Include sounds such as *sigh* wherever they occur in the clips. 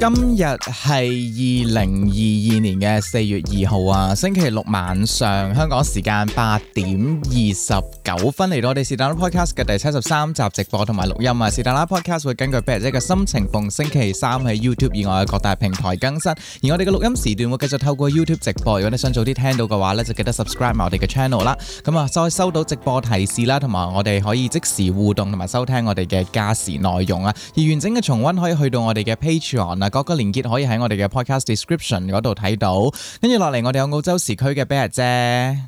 今日係二零二二年嘅四月二號啊，星期六晚上香港時間八點二十九分嚟到我哋是但啦 podcast 嘅第七十三集直播同埋錄音啊！是但啦 podcast 會根據筆者嘅心情逢星期三喺 YouTube 以外嘅各大平台更新，而我哋嘅錄音時段會繼續透過 YouTube 直播。如果你想早啲聽到嘅話呢，就記得 subscribe 埋我哋嘅 channel 啦。咁啊，再收到直播提示啦，同埋我哋可以即時互動同埋收聽我哋嘅加時內容啊。而完整嘅重溫可以去到我哋嘅 Patreon 啊。各個連結可以喺我哋嘅 Podcast description 嗰度睇到，跟住落嚟我哋有澳洲時區嘅 Bear 姐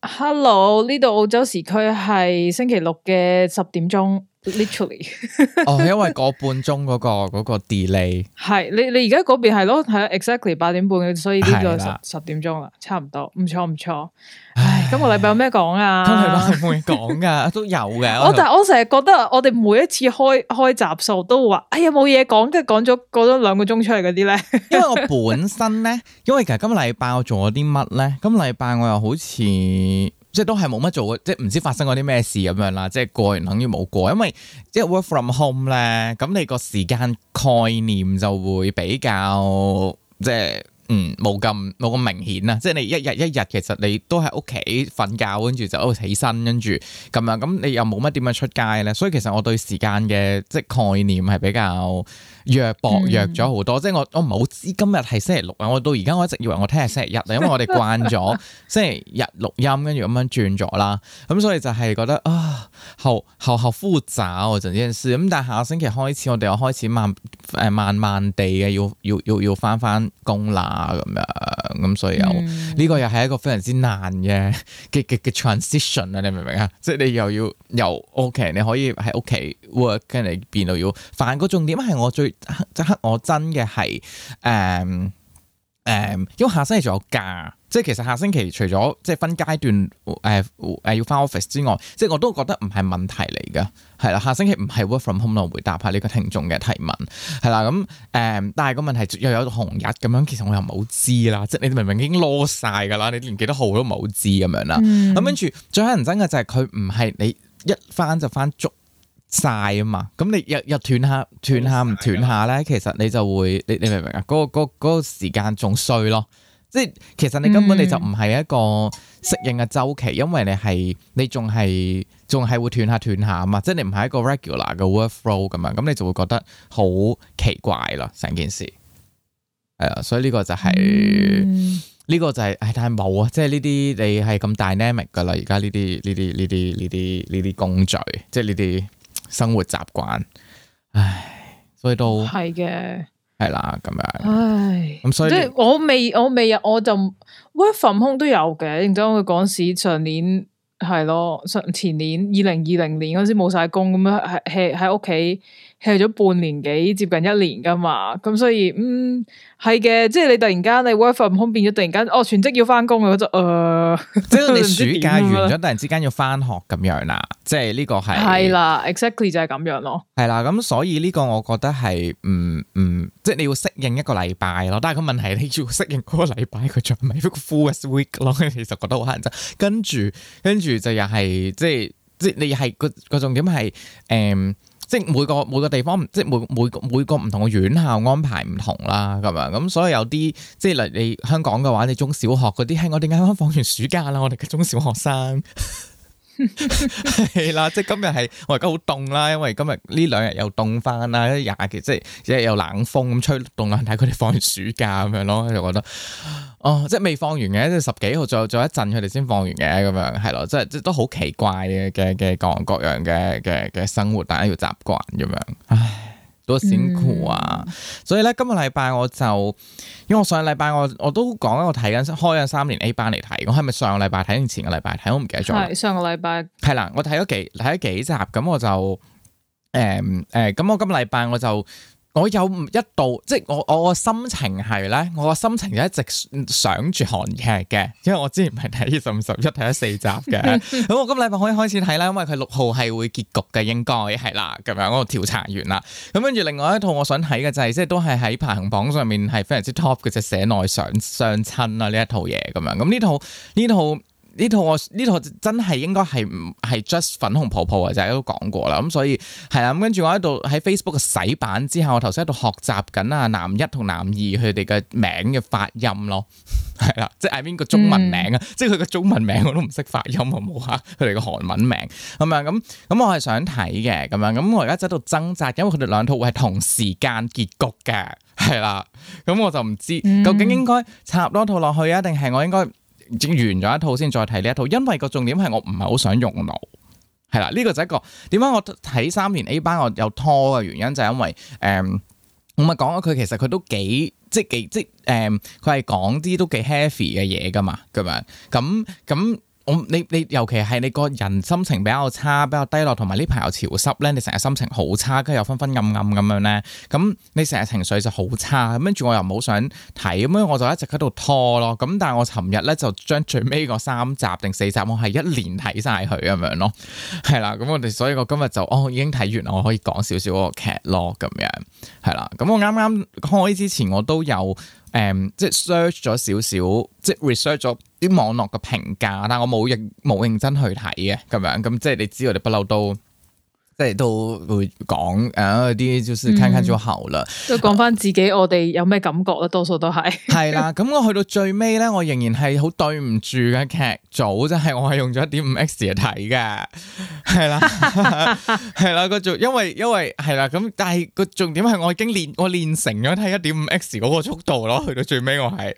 ，Hello，呢度澳洲時區係星期六嘅十點鐘。literally *laughs* 哦，因為個半鐘嗰個嗰個 delay 係 *laughs* *laughs* 你你而家嗰邊係咯，係啦，exactly 八點半，所以呢個十十點鐘啦，差唔多，唔錯唔錯。唉，今個禮拜有咩講啊？今個禮拜會講噶，都有嘅。我就我成日覺得我哋每一次開開集數都會話，哎呀冇嘢講嘅，講咗講咗兩個鐘出嚟嗰啲咧。因為我本身咧，因為其實今個禮拜我做咗啲乜咧？今個禮拜我又好似。即係都係冇乜做，即係唔知發生過啲咩事咁樣啦。即係過完，等於冇過，因為即係 work from home 咧，咁你個時間概念就會比較，即係嗯冇咁冇咁明顯啦。即係你一日一日，其實你都喺屋企瞓覺，跟住就喺度起身，跟住咁樣，咁你又冇乜點樣出街咧。所以其實我對時間嘅即係概念係比較。弱薄弱咗好多，即係我我唔係好知今日係星期六啊！我到而家我一直以為我聽係星期日啊，因為我哋慣咗星期日錄音，跟住咁樣轉咗啦，咁、嗯、所以就係覺得啊後後後枯燥嗰陣呢件事。咁但係下個星期開始，我哋又開始慢誒慢、呃、慢慢地嘅要要要要返返工啦咁樣，咁所以又呢、嗯、個又係一個非常之難嘅嘅嘅 transition 啊！你明唔明啊？即係你又要又 OK，你可以喺屋企 work，跟住你變到要。但係個重點係我最。即刻我真嘅係誒誒，因為下星期仲有假，即係其實下星期除咗即係分階段誒誒、呃呃呃、要翻 office 之外，即係我都覺得唔係問題嚟噶，係啦，下星期唔係 work from home 咯，回答下呢個聽眾嘅提問係啦，咁誒、嗯，但係個問題又有紅日咁樣，其實我又唔係好知啦，即係你明明已經攞晒噶啦，你連幾多號都唔係好知咁樣啦，咁跟住最乞人憎嘅就係佢唔係你一翻就翻足。晒啊嘛，咁你日日斷下斷下唔斷下咧，其實你就會你你明唔明啊？嗰個嗰嗰個時間仲衰咯，即係其實你根本你就唔係一個適應嘅周期，因為你係你仲係仲係會斷下斷下啊嘛，即係你唔係一個 regular 嘅 workflow 咁樣，咁你就會覺得好奇怪咯，成件事。係啊，所以呢個就係呢個就係，但係冇啊，即係呢啲你係咁 dynamic 噶啦，而家呢啲呢啲呢啲呢啲呢啲工具，即係呢啲。生活習慣，唉，所以都係嘅，係的啦咁樣，唉，咁所以即係我未我未有，我就 work from home、哎、都有嘅，然之後我講市上年係咯，前年二零二零年嗰時冇晒工咁樣，喺喺屋企。去咗半年幾，接近一年噶嘛，咁所以嗯係嘅，即係你突然間你 work from home 變咗，突然間哦全職要翻工啊，嗰就誒，即係你暑假完咗， *laughs* 突然之間要翻學咁樣啦，啊，即係呢個係係啦，exactly 就係咁樣咯，係啦，咁所以呢個我覺得係唔唔，即係你要適應一個禮拜咯，但係個問題係你要適應嗰個禮拜佢仲未 full a week 咯，其實覺得好乞人憎，跟住跟住就又、是、係即係即係你係個個重點係誒。嗯即係每個每個地方，即係每每每個唔同嘅院校安排唔同啦，咁樣咁，所以有啲即係例如香港嘅話，你中小學嗰啲，係，我哋啱啱放完暑假啦，我哋嘅中小學生。 *laughs* 係 *laughs* 啦，即係今日係我而家好凍啦，因為今日呢兩日又凍翻啦，廿幾即係即係又冷風咁吹凍眼睇佢哋放完暑假咁樣咯，就覺得哦，即係未放完嘅，即十幾號再再一陣佢哋先放完嘅咁樣，係咯，即係即都好奇怪嘅嘅嘅各樣各樣嘅嘅嘅生活，大家要習慣咁樣，唉。都啊！所以咧，今個禮拜我就，因為我上個禮拜我我都講，我睇緊開咗三年 A 班嚟睇，我係咪上個禮拜睇定前個禮拜睇，我唔記得咗。上個禮拜係啦，我睇咗幾睇咗幾集，咁我就誒誒，咁、嗯、我、嗯嗯嗯、今個禮拜我就。我有一度，即係我我個心情係咧，我個心情一直想住韓劇嘅，因為我之前係睇十五十一睇咗四集嘅，咁 *laughs* 我今禮拜可以開始睇啦，因為佢六號係會結局嘅，應該係啦，咁樣我調查完啦，咁跟住另外一套我想睇嘅就係、是，即係都係喺排行榜上面係非常之 top 嘅，即係社內相親啦呢一套嘢咁樣，咁呢套呢套。呢套我呢套我真係應該係唔係 just 粉紅泡泡啊，就係都講過啦。咁、嗯、所以係啊，咁跟住我喺度喺 Facebook 嘅洗版之後，我頭先喺度學習緊啊男一同男二佢哋嘅名嘅發音咯，係 *laughs* 啦，即係邊個中文名啊？嗯、即係佢個中文名我都唔識發音啊，冇嚇佢哋個韓文名咁啊咁。咁、嗯嗯、我係想睇嘅咁樣，咁我而家喺度掙扎，因為佢哋兩套會係同時間結局嘅，係啦。咁、嗯、我就唔知、嗯、究竟應該插多套落去啊，定係我應該？整完咗一套先，再睇呢一套，因為個重點係我唔係好想用腦，係啦，呢、呢個就一個點解我睇三年 A 班我有拖嘅原因就係因為誒、嗯，我咪講咗佢其實佢都幾即係幾即誒，佢係講啲都幾 heavy 嘅嘢㗎嘛咁樣咁咁。我你你尤其係你個人心情比較差，比較低落，同埋呢排又潮濕咧，你成日心情好差，跟住又昏昏暗暗咁樣咧，咁你成日情緒就好差，跟住我又冇想睇，咁樣我就一直喺度拖咯。咁但係我尋日咧就將最尾個三集定四集，我係一連睇曬佢咁樣咯，係啦。咁我哋所以我今日就哦，已經睇完，我可以講少少嗰個劇咯，咁樣係啦。咁我啱啱開之前我都有。誒、嗯，即係 search 咗少少，即係 research 咗啲網絡嘅評價，但係我冇認冇認真去睇嘅，咁樣，咁即係你知我哋不嬲都。即係都會講誒，啲、啊、就是看看咗喉啦。都講翻自己，啊、我哋有咩感覺咧？多數都係係 *laughs* 啦。咁我去到最尾咧，我仍然係好對唔住嘅劇組，即係我係用咗一點五 X 嚟睇嘅。係啦，係 *laughs* 啦，個因為因為係啦。咁但係個重點係我已經練我練成咗睇一點五 X 嗰個速度咯。去到最尾我係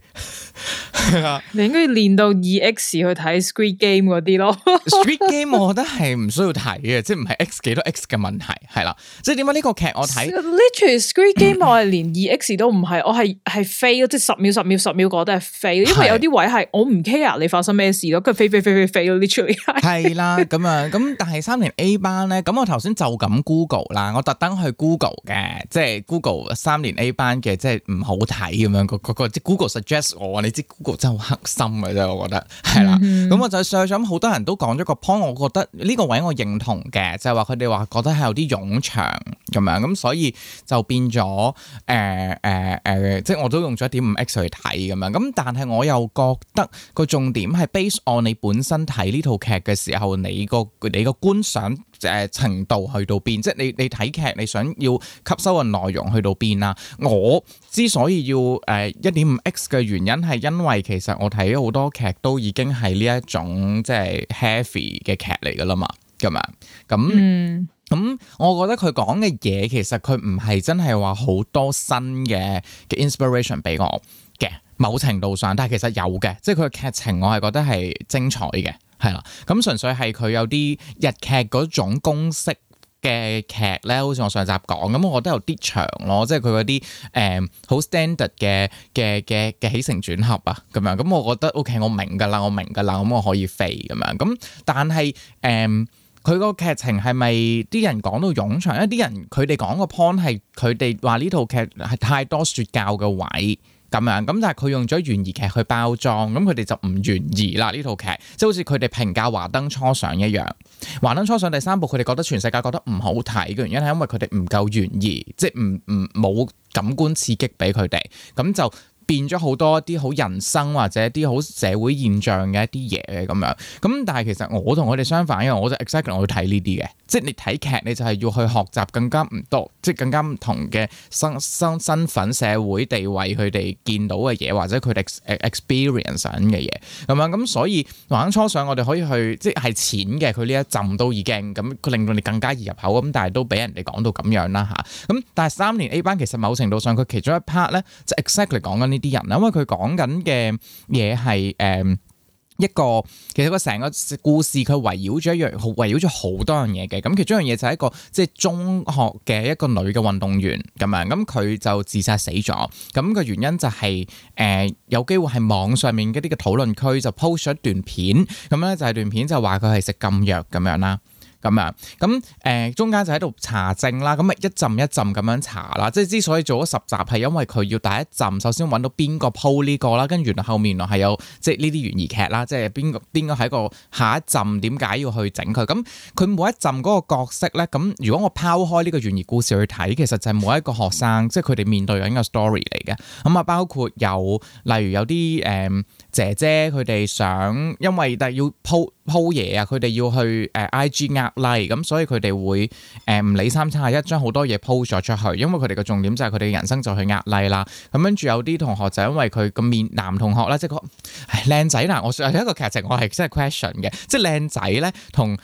係啦。你應該要練到二 X 去睇 *laughs* Squid Game 嗰啲咯。Squid Game *laughs* 我覺得係唔需要睇嘅，即係唔係 X 幾多。X 嘅問題係啦，即係點解呢個劇我睇 *laughs* ？Literally screen game 我係連二 X 都唔係，我係係飛咯，fail, 即係十秒十秒十秒過都係飛，因為有啲位係我唔 care 你發生咩事咯，佢飛飛飛飛飛 literally 係啦咁啊，咁但係三年 A 班咧，咁我頭先就咁 Google 啦，我特登去 Google 嘅，即係 Google 三年 A 班嘅，即係唔好睇咁樣個個即 Google suggest 我，你知 Google 真係好黑心嘅啫，我覺得係啦，咁我就上想好多人都講咗個 point，我覺得呢個位我認同嘅，就係話佢哋話。覺得係有啲冗長咁樣，咁所以就變咗誒誒誒，即係我都用咗一點五 X 去睇咁樣。咁但係我又覺得個重點係 based on 你本身睇呢套劇嘅時候，你個你個觀賞誒、呃、程度去到邊，即係你你睇劇你想要吸收嘅內容去到邊啊？我之所以要誒一點五 X 嘅原因係因為其實我睇好多劇都已經係呢一種即係 heavy 嘅劇嚟噶啦嘛。咁啊，咁咁、嗯嗯嗯，我覺得佢講嘅嘢其實佢唔係真係話好多新嘅嘅 inspiration 俾我嘅，某程度上，但係其實有嘅，即係佢嘅劇情我係覺得係精彩嘅，係啦，咁、嗯、純粹係佢有啲日劇嗰種公式嘅劇咧，好似我上集講咁、嗯，我覺得有啲長咯，即係佢嗰啲誒好、嗯、standard 嘅嘅嘅嘅起承轉合啊，咁樣咁、嗯、我覺得 OK 我明噶啦，我明噶啦，咁我可以飛咁樣咁，但係誒。嗯佢個劇情係咪啲人講到冗長？一啲人佢哋講個 point 係佢哋話呢套劇係太多説教嘅位咁樣，咁但係佢用咗懸疑劇去包裝，咁佢哋就唔懸疑啦呢套劇，即係好似佢哋評價華燈初上一樣。華燈初上第三部佢哋覺得全世界覺得唔好睇嘅原因係因為佢哋唔夠懸疑，即係唔唔冇感官刺激俾佢哋，咁就。變咗好多一啲好人生或者一啲好社會現象嘅一啲嘢嘅咁樣，咁但係其實我同佢哋相反，因為我就 exactly 我要睇呢啲嘅，即係你睇劇你就係要去學習更加唔多，即係更加唔同嘅身身身份、社會地位佢哋見到嘅嘢，或者佢哋 experience 上嘅嘢，咁樣咁所以話初上我哋可以去，即係淺嘅佢呢一浸都已經咁，佢令到你更加易入口咁，但係都俾人哋講到咁樣啦嚇，咁、啊、但係三年 A 班其實某程度上佢其中一 part 咧，就 exactly 講緊呢。啲人啦，因為佢講緊嘅嘢係誒一個，其實個成個故事佢圍繞咗一樣，圍繞咗好多樣嘢嘅。咁其中一樣嘢就係一個即係、就是、中學嘅一個女嘅運動員咁樣，咁佢就自殺死咗。咁個原因就係、是、誒、呃、有機會喺網上面嗰啲嘅討論區就 post 咗一段片，咁咧就係、是、段片就話佢係食禁藥咁樣啦。咁樣咁誒、呃，中間就喺度查證啦，咁啊一浸一浸咁樣查啦。即係之所以做咗十集，係因為佢要第一陣首先揾到邊個鋪呢個啦，跟住原來後面原來係有即係呢啲懸疑劇啦，即係邊個邊個喺個下一陣，點解要去整佢？咁佢每一陣嗰個角色咧，咁如果我拋開呢個懸疑故事去睇，其實就係每一個學生即係佢哋面對緊嘅 story 嚟嘅。咁啊，包括有例如有啲誒。嗯姐姐佢哋想，因為但要鋪鋪嘢啊，佢哋要去誒、uh, IG 壓例，咁所以佢哋會誒唔、uh, 理三七廿一，將好多嘢鋪咗出去。因為佢哋嘅重點就係佢哋嘅人生就去壓例啦。咁跟住有啲同學就因為佢個面男同學啦，即係個靚仔嗱，我誒一個劇情我係真係 question 嘅，即係靚仔咧同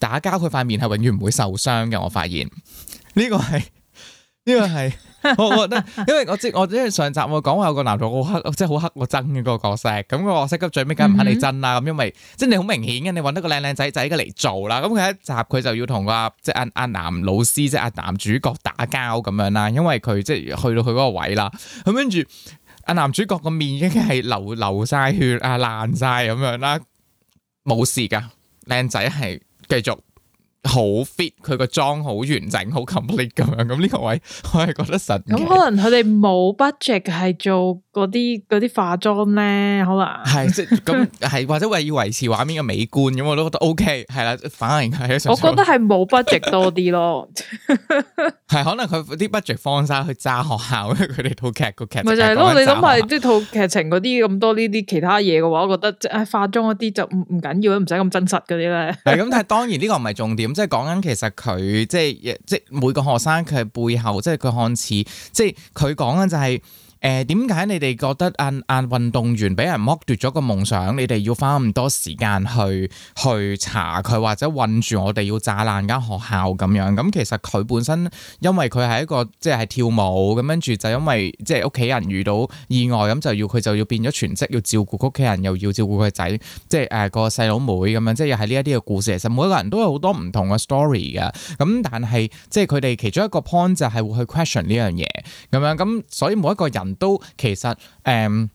打交佢塊面係永遠唔會受傷嘅。我發現呢、這個係呢、這個係。 *laughs* 多一 *laughs* 我覺得，因為我知我因為上集我講話有個男同學好黑，即係好黑個真嘅嗰個角色，咁個角色咁最尾梗唔肯你真啦，咁、hmm. 因為即係你好明顯嘅，你搵得個靚靚仔仔嘅嚟做啦，咁佢一集佢就要同個、啊、即係阿阿男老師即係阿、啊、男主角打交咁樣啦，因為佢即係去到佢嗰個位啦，咁跟住阿男主角個面已經係流流晒血啊爛晒咁樣啦，冇事噶，靚仔係繼續。好 fit 佢個妝好完整好 complete 咁樣，咁、這、呢個位我係覺得神。咁可能佢哋冇 budget 係做。嗰啲啲化妝咧，可能係即咁，係或者為要維持畫面嘅美觀咁，我都覺得 OK，係啦，反而係。Fine, 我，我覺得係冇 budget 多啲咯 *laughs* ，係可能佢啲 budget 放晒去揸學校，佢哋套劇個劇咪就係咯。你諗下即套劇情嗰啲咁多呢啲其他嘢嘅話，我覺得即係、哎、化妝嗰啲就唔唔緊要，唔使咁真實嗰啲咧。係咁，但係當然呢個唔係重點，即係講緊其實佢即係即係每個學生佢係背後，即係佢看似，即係佢講緊就係、是。誒點解你哋覺得啊啊運動員俾人剝奪咗個夢想，你哋要花咁多時間去去查佢，或者困住我哋要炸爛間學校咁樣？咁、嗯、其實佢本身因為佢係一個即係跳舞咁，跟住就因為即係屋企人遇到意外，咁就要佢就要變咗全職要照顧屋企人，又要照顧佢仔，即係誒、呃、個細佬妹咁樣，即係又係呢一啲嘅故事。其實每一個人都有好多唔同嘅 story 嘅咁，但係即係佢哋其中一個 point 就係會去 question 呢樣嘢咁樣，咁所以每一個人，都其實，誒、嗯，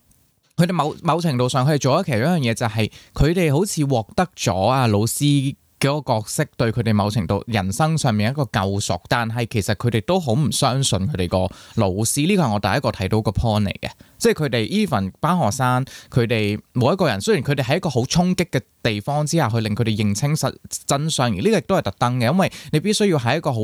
佢哋某某程度上，佢哋做咗其中一樣嘢，就係佢哋好似獲得咗啊老師嗰個角色對佢哋某程度人生上面一個救贖，但係其實佢哋都好唔相信佢哋個老師，呢個係我第一個睇到個 point 嚟嘅，即係佢哋 even 班學生，佢哋冇一個人，雖然佢哋喺一個好衝擊嘅地方之下，去令佢哋認清實真相，而呢個亦都係特登嘅，因為你必須要喺一個好。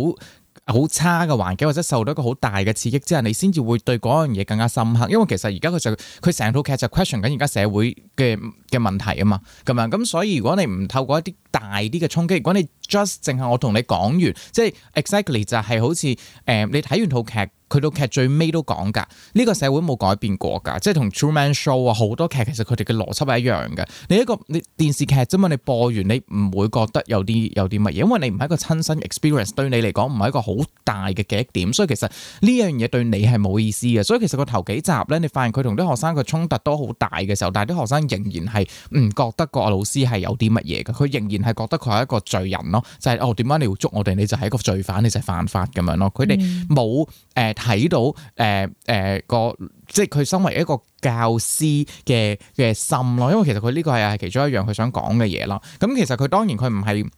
好差嘅環境或者受到一個好大嘅刺激之後，你先至會對嗰樣嘢更加深刻。因為其實而家佢就佢成套劇就 question 緊而家社會嘅嘅問題啊嘛，咁樣咁所以如果你唔透過一啲大啲嘅衝擊，如果你 Just 淨係我同你講完，即係 exactly 就係好似誒、呃、你睇完套劇，佢套劇最尾都講㗎，呢、呢個社會冇改變過㗎，即係同 True Man Show 啊好多劇其實佢哋嘅邏輯係一樣嘅。你一個你電視劇啫嘛，你播完你唔會覺得有啲有啲乜嘢，因為你唔係一個親身 experience，對你嚟講唔係一個好大嘅極點，所以其實呢樣嘢對你係冇意思嘅。所以其實個頭幾集呢，你發現佢同啲學生嘅衝突都好大嘅時候，但係啲學生仍然係唔覺得個老師係有啲乜嘢嘅，佢仍然係覺得佢係一個罪人咯、啊。就係、是、哦，點解你要捉我哋？你就係一個罪犯，你就係犯法咁樣咯。佢哋冇誒睇到誒誒個，即係佢身為一個教師嘅嘅心咯。因為其實佢呢個係係其中一樣佢想講嘅嘢咯。咁其實佢當然佢唔係。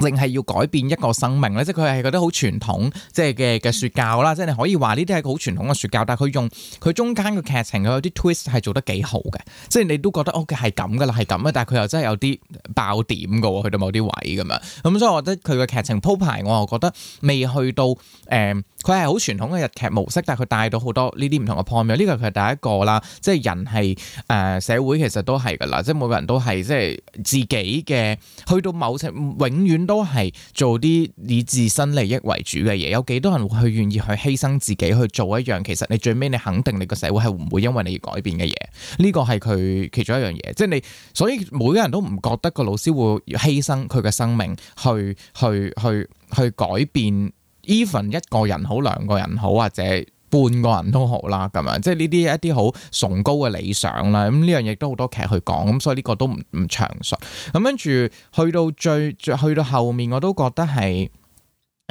淨係要改變一個生命咧，即係佢係覺得好傳統，即係嘅嘅説教啦，即係你可以話呢啲係好傳統嘅説教，但係佢用佢中間嘅劇情佢有啲 twist 係做得幾好嘅，即係你都覺得 OK 係咁噶啦，係咁嘅。但係佢又真係有啲爆點嘅喎，去到某啲位咁樣，咁、嗯、所以我覺得佢嘅劇情鋪排，我又覺得未去到誒。呃佢係好傳統嘅日劇模式，但係佢帶到好多呢啲唔同嘅 point。呢個佢係第一個啦，即係人係誒、呃、社會，其實都係噶啦，即係每個人都係即係自己嘅，去到某程度，永遠都係做啲以自身利益為主嘅嘢。有幾多人會去願意去犧牲自己去做一樣？其實你最尾你肯定你個社會係唔會因為你而改變嘅嘢。呢個係佢其中一樣嘢，即係你。所以每個人都唔覺得個老師會犧牲佢嘅生命去去去去去改變。Even 一個人好，兩個人好，或者半個人都好啦，咁樣即係呢啲一啲好崇高嘅理想啦。咁呢樣嘢都好多劇去講，咁所以呢個都唔唔詳述。咁跟住去到最，去到後面我都覺得係。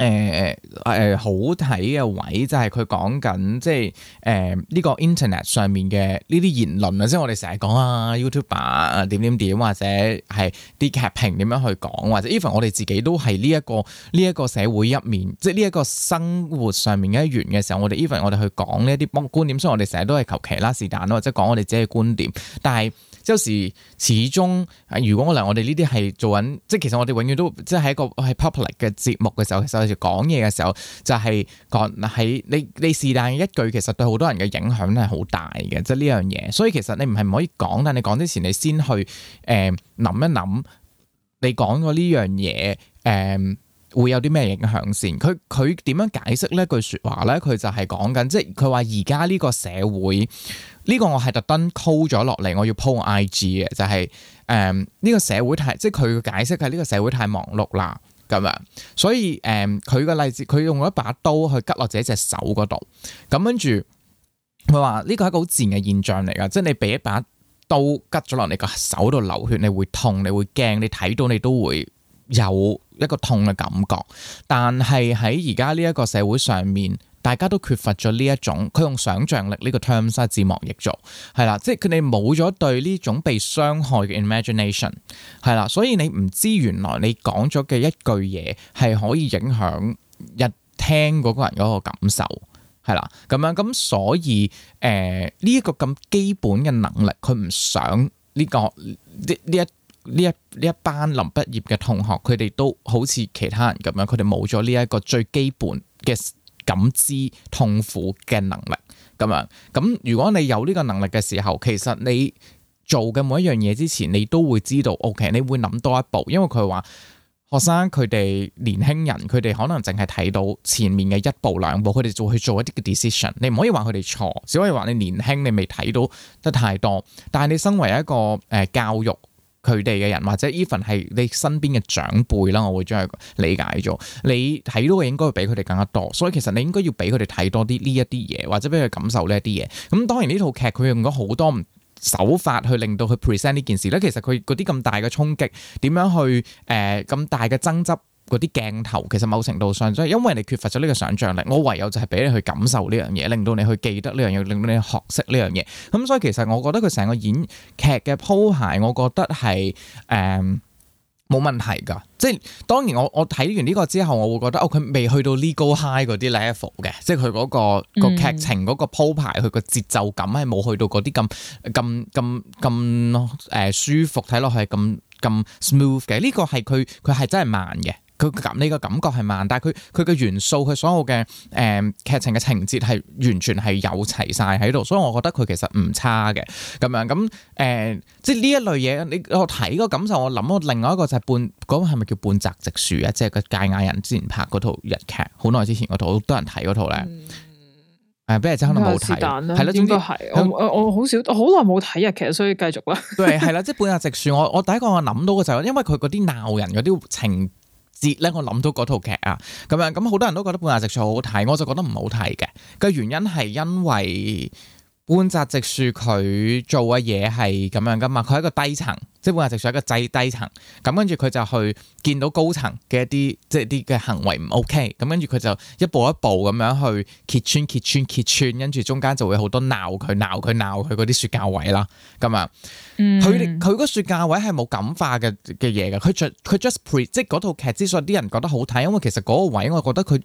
誒誒誒，好睇嘅位就係佢講緊，即係誒呢個 internet 上面嘅呢啲言論啊，即係我哋成日講啊，YouTuber 啊點點點，或者係啲劇評點樣去講，或者 even 我哋自己都係呢一個呢一個社會一面，即係呢一個生活上面嘅一員嘅時候，我哋 even 我哋去講呢一啲幫觀點，所以我哋成日都係求其啦，是但啦，或者講我哋自己嘅觀點，但係。有時始終，如果我嚟，我哋呢啲係做緊，即係其實我哋永遠都即係一個喺 public 嘅節目嘅時候，其實講嘢嘅時候，就係講喺你你是但一句，其實對好多人嘅影響係好大嘅，即係呢樣嘢。所以其實你唔係唔可以講，但係你講之前你先去誒諗、呃、一諗，你講過呢樣嘢誒。呃會有啲咩影響先？佢佢點樣解釋呢句話呢說話咧？佢就係講緊，即係佢話而家呢個社會呢、呢個我係特登 call 咗落嚟，我要鋪 I G 嘅，就係誒呢個社會太，即係佢嘅解釋係呢個社會太忙碌啦咁啊，所以誒佢個例子，佢用咗把刀去拮落自己隻手嗰度，咁跟住佢話呢個係一個好自然嘅現象嚟噶，即係你俾一把刀拮咗落你個手度流血，你會痛，你會驚，你睇到你都會有。一個痛嘅感覺，但係喺而家呢一個社會上面，大家都缺乏咗呢一種佢用想像力呢個 term，即係字幕譯做，係啦，即係佢哋冇咗對呢種被傷害嘅 imagination 係啦，所以你唔知原來你講咗嘅一句嘢係可以影響日聽嗰個人嗰個感受係啦咁樣咁，所以誒呢一個咁基本嘅能力，佢唔想呢、這個呢一。呢一呢一班臨畢業嘅同學，佢哋都好似其他人咁樣，佢哋冇咗呢一個最基本嘅感知痛苦嘅能力咁樣。咁如果你有呢個能力嘅時候，其實你做嘅每一樣嘢之前，你都會知道。OK，你會諗多一步，因為佢話學生，佢哋年輕人，佢哋可能淨係睇到前面嘅一步兩步，佢哋就去做一啲嘅 decision。你唔可以話佢哋錯，只可以話你年輕，你未睇到得太多。但係你身為一個誒、呃、教育，佢哋嘅人或者 even 係你身邊嘅長輩啦，我會將佢理解咗。你睇到嘅應該會比佢哋更加多，所以其實你應該要俾佢哋睇多啲呢一啲嘢，或者俾佢感受呢一啲嘢。咁當然呢套劇佢用咗好多手法去令到佢 present 呢件事咧。其實佢嗰啲咁大嘅衝擊點樣去誒咁、呃、大嘅爭執？嗰啲鏡頭其實某程度上，所以因為你缺乏咗呢個想像力，我唯有就係俾你去感受呢樣嘢，令到你去記得呢樣嘢，令到你學識呢樣嘢。咁、嗯、所以其實我覺得佢成個演劇嘅鋪排，我覺得係誒冇問題㗎。即係當然我，我我睇完呢個之後，我會覺得哦，佢未去到 legal high 嗰啲 level 嘅，即係佢嗰個個、嗯、劇情嗰個鋪排，佢個節奏感係冇去到嗰啲咁咁咁咁誒舒服睇落去係咁咁 smooth 嘅。呢、呢個係佢佢係真係慢嘅。佢感你嘅感覺係慢，但係佢佢嘅元素，佢所有嘅誒、呃、劇情嘅情節係完全係有齊晒喺度，所以我覺得佢其實唔差嘅咁樣咁誒、呃，即係呢一類嘢，你我睇個感受，我諗到另外一個就係半嗰、嗰個係咪叫半澤直樹啊？即係個堺雅人之前拍嗰套日劇，好耐之前嗰套好多人睇嗰套咧。誒、嗯，不如即係可能冇睇，係咯，總之應該係我好少，好耐冇睇日劇，所以繼續啦。係係啦，即係半澤直樹，我我第一個我諗到嘅就係因為佢嗰啲鬧人嗰啲情節咧，我諗到嗰套劇啊，咁樣咁好多人都覺得《半澤直樹》好好睇，我就覺得唔好睇嘅，嘅原因係因為。官扎直樹佢做嘅嘢係咁樣噶嘛？佢喺一個低層，即係官扎直樹係一個制低層。咁跟住佢就去見到高層嘅一啲，即係啲嘅行為唔 OK。咁跟住佢就一步一步咁樣去揭穿、揭穿、揭穿。跟住中間就會好多鬧佢、鬧佢、鬧佢嗰啲説教位啦。咁啊，佢佢嗰説教位係冇感化嘅嘅嘢㗎。佢佢 just 即係嗰套劇之所以啲人覺得好睇，因為其實嗰個位我覺得佢。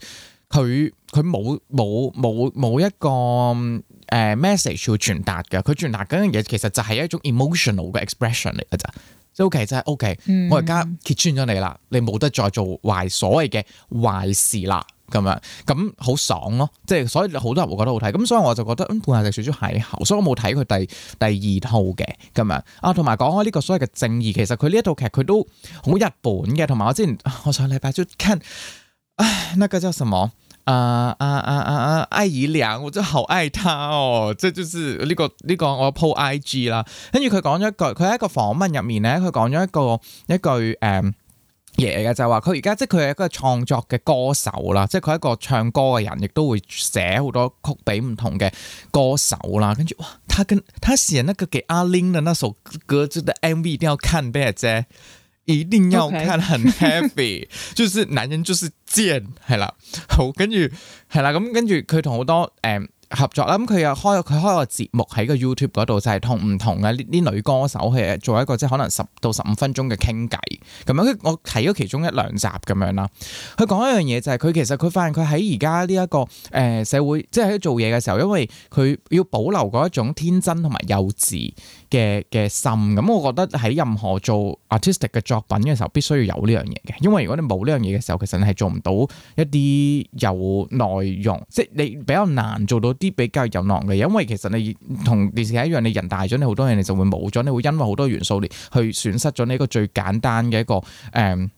佢佢冇冇冇冇一個誒、呃、message 要傳達嘅，佢傳達嗰樣嘢其實就係一種 emotional 嘅 expression 嚟嘅咋，即係 OK，即係 OK、嗯、我而家揭穿咗你啦，你冇得再做壞所謂嘅壞事啦，咁樣咁好爽咯、啊，即係所以好多人都覺得好睇，咁所以我就覺得嗯半下就算咗喺後，所以我冇睇佢第第二套嘅咁樣啊，同埋講開呢個所謂嘅正義，其實佢呢一套劇佢都好日本嘅，同埋我之前，我上禮拜。唉，那個叫什麼？啊啊啊啊啊！艾、啊、怡、啊啊、良，我就好愛他哦，這就是呢、這個呢、這個我要 po I G 啦。跟住佢講咗一句，佢喺一個訪問入面咧，佢講咗一個一句、嗯、誒嘢嘅，就話佢而家即係佢係一個創作嘅歌手啦，即係佢係一個唱歌嘅人，亦都會寫好多曲俾唔同嘅歌手啦。跟住哇，他跟他寫呢個給阿 Lin 嘅那首歌字嘅、就是、M V 一定要看俾人知。一定要看，很 happy，Okay. *laughs* 就是男人就是賤，係啦，好，跟住係啦，咁跟住佢同好多誒、呃、合作，咁佢又開佢開個節目喺個 YouTube 度，就係、是、同唔同嘅呢啲女歌手去做一個即係可能十到十五分鐘嘅傾偈，咁樣。我睇咗其中一兩集咁樣啦，佢講一樣嘢就係、是、佢其實佢發現佢喺而家呢一個誒、呃、社會，即係喺做嘢嘅時候，因為佢要保留一種天真同埋幼稚。嘅嘅心咁、嗯，我覺得喺任何做 artistic 嘅作品嘅時候，必須要有呢樣嘢嘅。因為如果你冇呢樣嘢嘅時候，其實你係做唔到一啲有內容，即係你比較難做到啲比較有能力。因為其實你同電視劇一樣，你人大咗，你好多嘢你就會冇咗，你會因為好多元素你去損失咗呢一個最簡單嘅一個誒、嗯，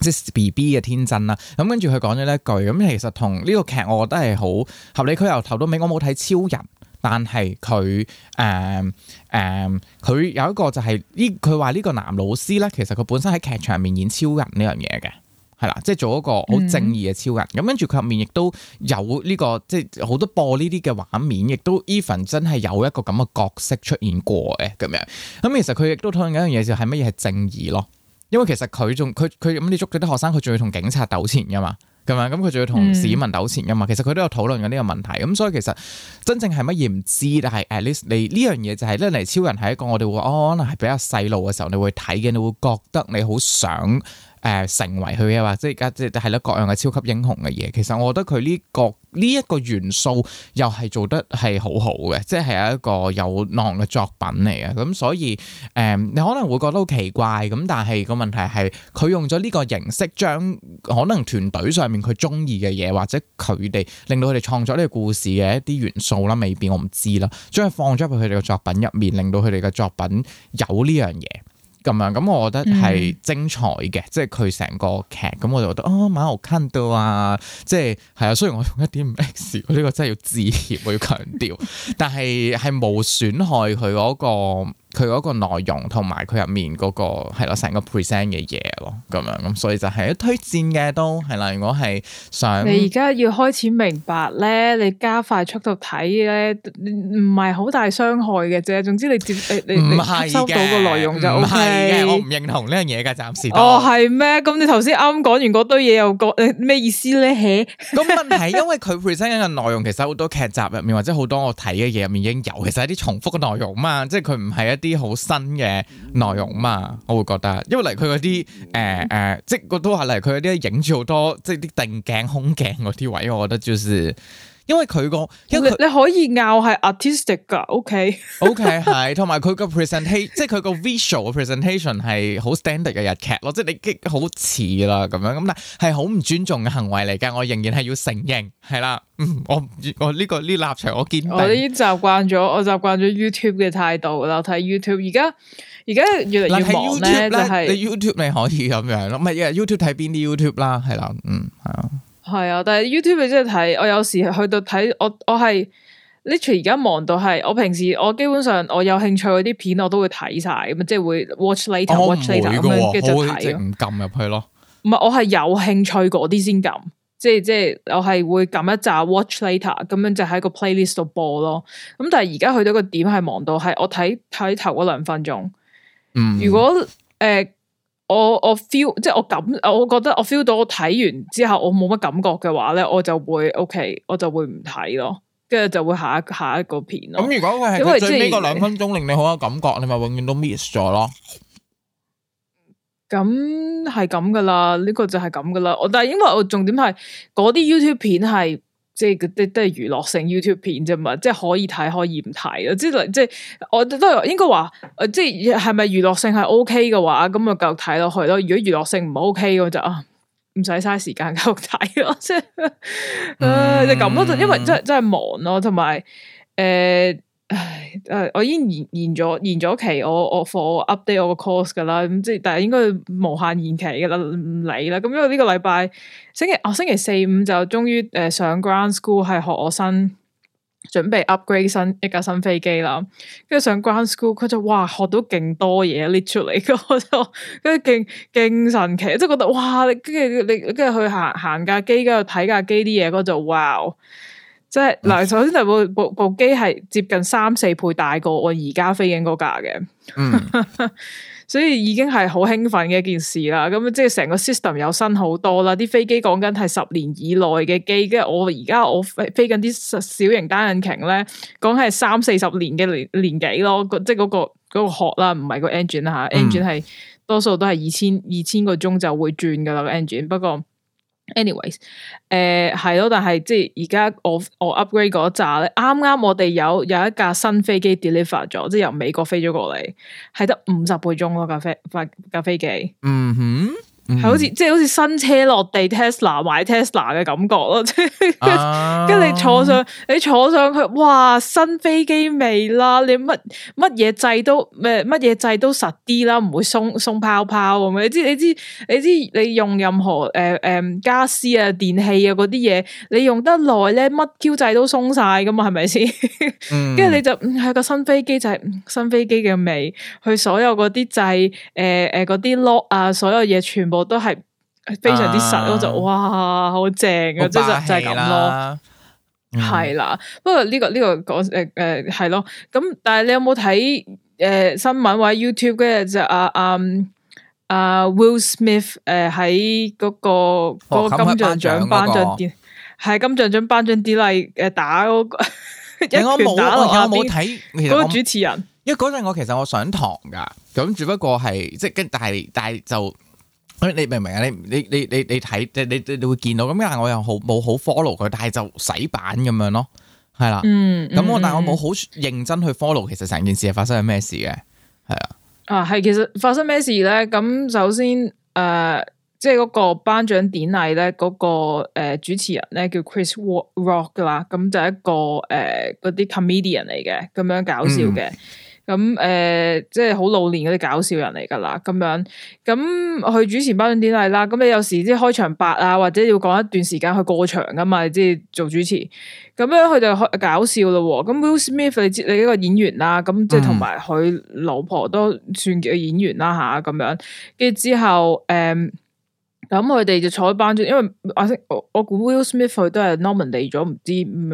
即係 BB 嘅天真啦。咁、嗯、跟住佢講咗一句，咁、嗯、其實同呢個劇，我覺得係好合理。佢由頭到尾，我冇睇超人。但係佢誒誒，佢、呃呃、有一個就係、是、呢，佢話呢個男老師咧，其實佢本身喺劇場入面演超人呢樣嘢嘅，係啦，即係做一個好正義嘅超人。咁跟住佢入面亦都有呢、這個，即係好多播呢啲嘅畫面，亦都 even 真係有一個咁嘅角色出現過嘅咁樣。咁其實佢亦都討論緊一樣嘢就係乜嘢係正義咯，因為其實佢仲佢佢咁你捉住啲學生，佢仲要同警察鬥纏㗎嘛。咁樣，咁佢仲要同市民糾纏㗎嘛？其實佢都有討論緊呢個問題。咁所以其實真正係乜嘢唔知，但係誒，你、就是、你呢樣嘢就係咧嚟超人係一個我哋會，我、哦、可能係比較細路嘅時候，你會睇嘅，你會覺得你好想，誒、呃、成為佢嘅話，即係而家即係係咯各樣嘅超級英雄嘅嘢。其實我覺得佢呢、這個呢一、這個元素又係做得係好好嘅，即係係一個有浪嘅作品嚟嘅。咁、嗯、所以誒、呃，你可能會覺得好奇怪咁，但係個問題係佢用咗呢個形式，將可能團隊上面佢中意嘅嘢，或者佢哋令到佢哋創作呢個故事嘅一啲元素啦，未必我唔知啦，將佢放咗入佢哋嘅作品入面，令到佢哋嘅作品有呢樣嘢。咁樣，咁，我覺得係精彩嘅，嗯、即係佢成個劇咁，我就覺得哦，馬後坑到啊，即係係啊，雖然我用一點 X，呢、呢個真係要致歉，我要強調， *laughs* 但係係冇損害佢嗰、嗰個。佢嗰個內容同埋佢入面嗰個係咯，成個 present 嘅嘢咯，咁樣咁，所以就係推薦嘅都係啦。如果係想你而家要開始明白咧，你加快速度睇咧，唔係好大傷害嘅啫。總之你接你唔吸收到個內容就唔係嘅，我唔認同呢樣嘢嘅，暫時。哦，係咩？咁你頭先啱講完嗰堆嘢又講咩意思咧？咁 *laughs* 問題因為佢 present 嘅內容其實好多劇集入面或者好多我睇嘅嘢入面已經有，其實係啲重複嘅內容嘛，即係佢唔係一啲好新嘅內容嘛，我會覺得，因為嚟佢嗰啲誒誒，即係我都係嚟佢嗰啲影住好多，即係啲定鏡、空鏡嗰啲位，我覺得就是。因為佢個，因為你可以拗係 artistic 噶，OK，OK 係，同埋佢個 presentation，即係佢個 visual presentation 係好 standard 嘅日劇咯，即係你激好似啦咁樣，咁但係好唔尊重嘅行為嚟噶，我仍然係要承認，係啦，嗯，我我呢個呢立場我堅定，我已經習慣咗，我習慣咗 YouTube 嘅態度啦，睇 YouTube 而家而家越嚟越忙咧，係 YouTube 你可以咁樣咯，唔係 YouTube 睇邊啲 YouTube 啦，係啦，嗯，係啊。係啊，但係 YouTube 你真係睇，我有時去到睇，我我係 literally 而家忙到係，我平時我基本上我有興趣嗰啲片，我都會睇晒咁即係會 watch later、啊、watch later 咁、啊、樣跟住睇唔撳入去咯，唔係我係有興趣嗰啲先撳，即係即係我係會撳一紮 watch later 咁樣就喺個 playlist 度播咯。咁但係而家去到個點係忙到係我睇睇頭嗰兩分鐘，嗯、如果誒。呃我我 feel 即係我感，我覺得我 feel 到我睇完之後我冇乜感覺嘅話咧，我就會 OK，我就會唔睇咯，跟住就會下一個下一個片咯。咁如果佢係因為最尾個兩分鐘令你好有感覺，來你咪永遠都 miss 咗咯。咁係咁噶啦，呢個就係咁噶啦。我但係因為我重點係嗰啲 YouTube 片係。即係都都係娛樂性 YouTube 片啫嘛，即係可以睇可以唔睇咯。即係即係我都係應該話，即係係咪娛樂性係 O K 嘅話，咁就繼續睇落去咯。如果娛樂性唔 O K 嘅就啊，唔使嘥時間繼續睇咯。即係唉，就咁咯。因為真係真係忙咯，同埋誒。呃唉，誒，我已經延延咗延咗期，我我我 update 我個 course 噶啦，咁即係，但係應該無限延期噶啦，唔理啦。咁因為呢個禮拜星期我星期，哦，星期四五就終於誒上 ground school 係學我新準備 upgrade 新一架新飛機啦。跟住上 ground school，佢就哇學到勁多嘢列出嚟，咁我就跟住勁勁神奇，即係覺得哇，跟住你跟住去行行架機，跟住睇架機啲嘢，嗰就哇。即係嗱，首先就部部部機係接近三四倍大過我而家飛緊嗰架嘅，嗯、 *laughs* 所以已經係好興奮嘅一件事啦。咁即係成個 system 有新好多啦，啲飛機講緊係十年以內嘅機，跟住我而家我飛飛緊啲小型單引擎咧，講緊係三四十年嘅年年紀咯，即係、那、嗰個嗰、那個殼啦，唔係個 engine 啦吓，engine 係多數都係二千二千個鐘就會轉噶啦，engine 不過。Anyways，誒係咯，但係即係而家我我 upgrade 嗰扎咧，啱啱我哋有有一架新飛機 deliver 咗，即係由美國飛咗過嚟，係得五十倍鐘咯，架飛架架飛機，嗯哼、mm。Hmm. 係好似即係好似新車落地 Tesla 買 Tesla 嘅感覺咯，即跟住你坐上你坐上去，哇新飛機味啦！你乜乜嘢掣都咩乜嘢掣都實啲啦，唔會鬆鬆泡泡咁。你知你知你知你用任何誒誒家私啊電器啊啲嘢，你用得耐咧乜 Q 掣都鬆晒噶嘛，係咪先？跟住你就係個新飛機就係新飛機嘅味，佢所有啲掣誒誒啲 lock 啊，所有嘢全部。我都係非常之實，啊、我就哇好正嘅，即係就就係咁咯，係啦、嗯。不過呢、呢個呢、呢個講誒誒係咯，咁、呃、但係你有冇睇誒新聞或者 YouTube 嘅就阿、啊、阿阿、啊啊、Will Smith 誒喺嗰個嗰個、哦、金像獎頒獎典禮，係、哦、金像獎頒獎典禮誒打嗰、嗰個、 *laughs* 一拳冇打落冇睇？嗰、哦、個主持人。因為嗰陣我其實我上堂㗎，咁只不過係即係跟但係但係就。你明唔明啊？你你你你你睇，你你你，你，你，你，你會見到咁，但我又好冇好 follow 佢，但係就洗版咁樣咯，係啦。咁、嗯嗯、我但係我冇好認真去 follow，其實成件事係發生緊咩事嘅，係啊。啊，係其實發生咩事咧？咁首先誒，即係嗰個頒獎典禮咧，嗰個誒主持人咧叫 Chris Rock 啦，咁就係一個誒嗰啲 comedian 嚟嘅，咁、呃、樣搞笑嘅。嗯咁誒、呃，即係好老練嗰啲搞笑人嚟噶啦，咁樣咁去主持頒獎典禮啦。咁你有時即係開場白啊，或者要講一段時間去過場噶嘛，即係做主持。咁樣佢就搞笑咯。咁 Will Smith 你你一個演員啦，咁即係同埋佢老婆都算叫演員啦吓，咁樣跟住之後誒。呃咁佢哋就坐喺班中，因為阿星，我估 Will Smith 佢都係 nominate 咗，唔、嗯、知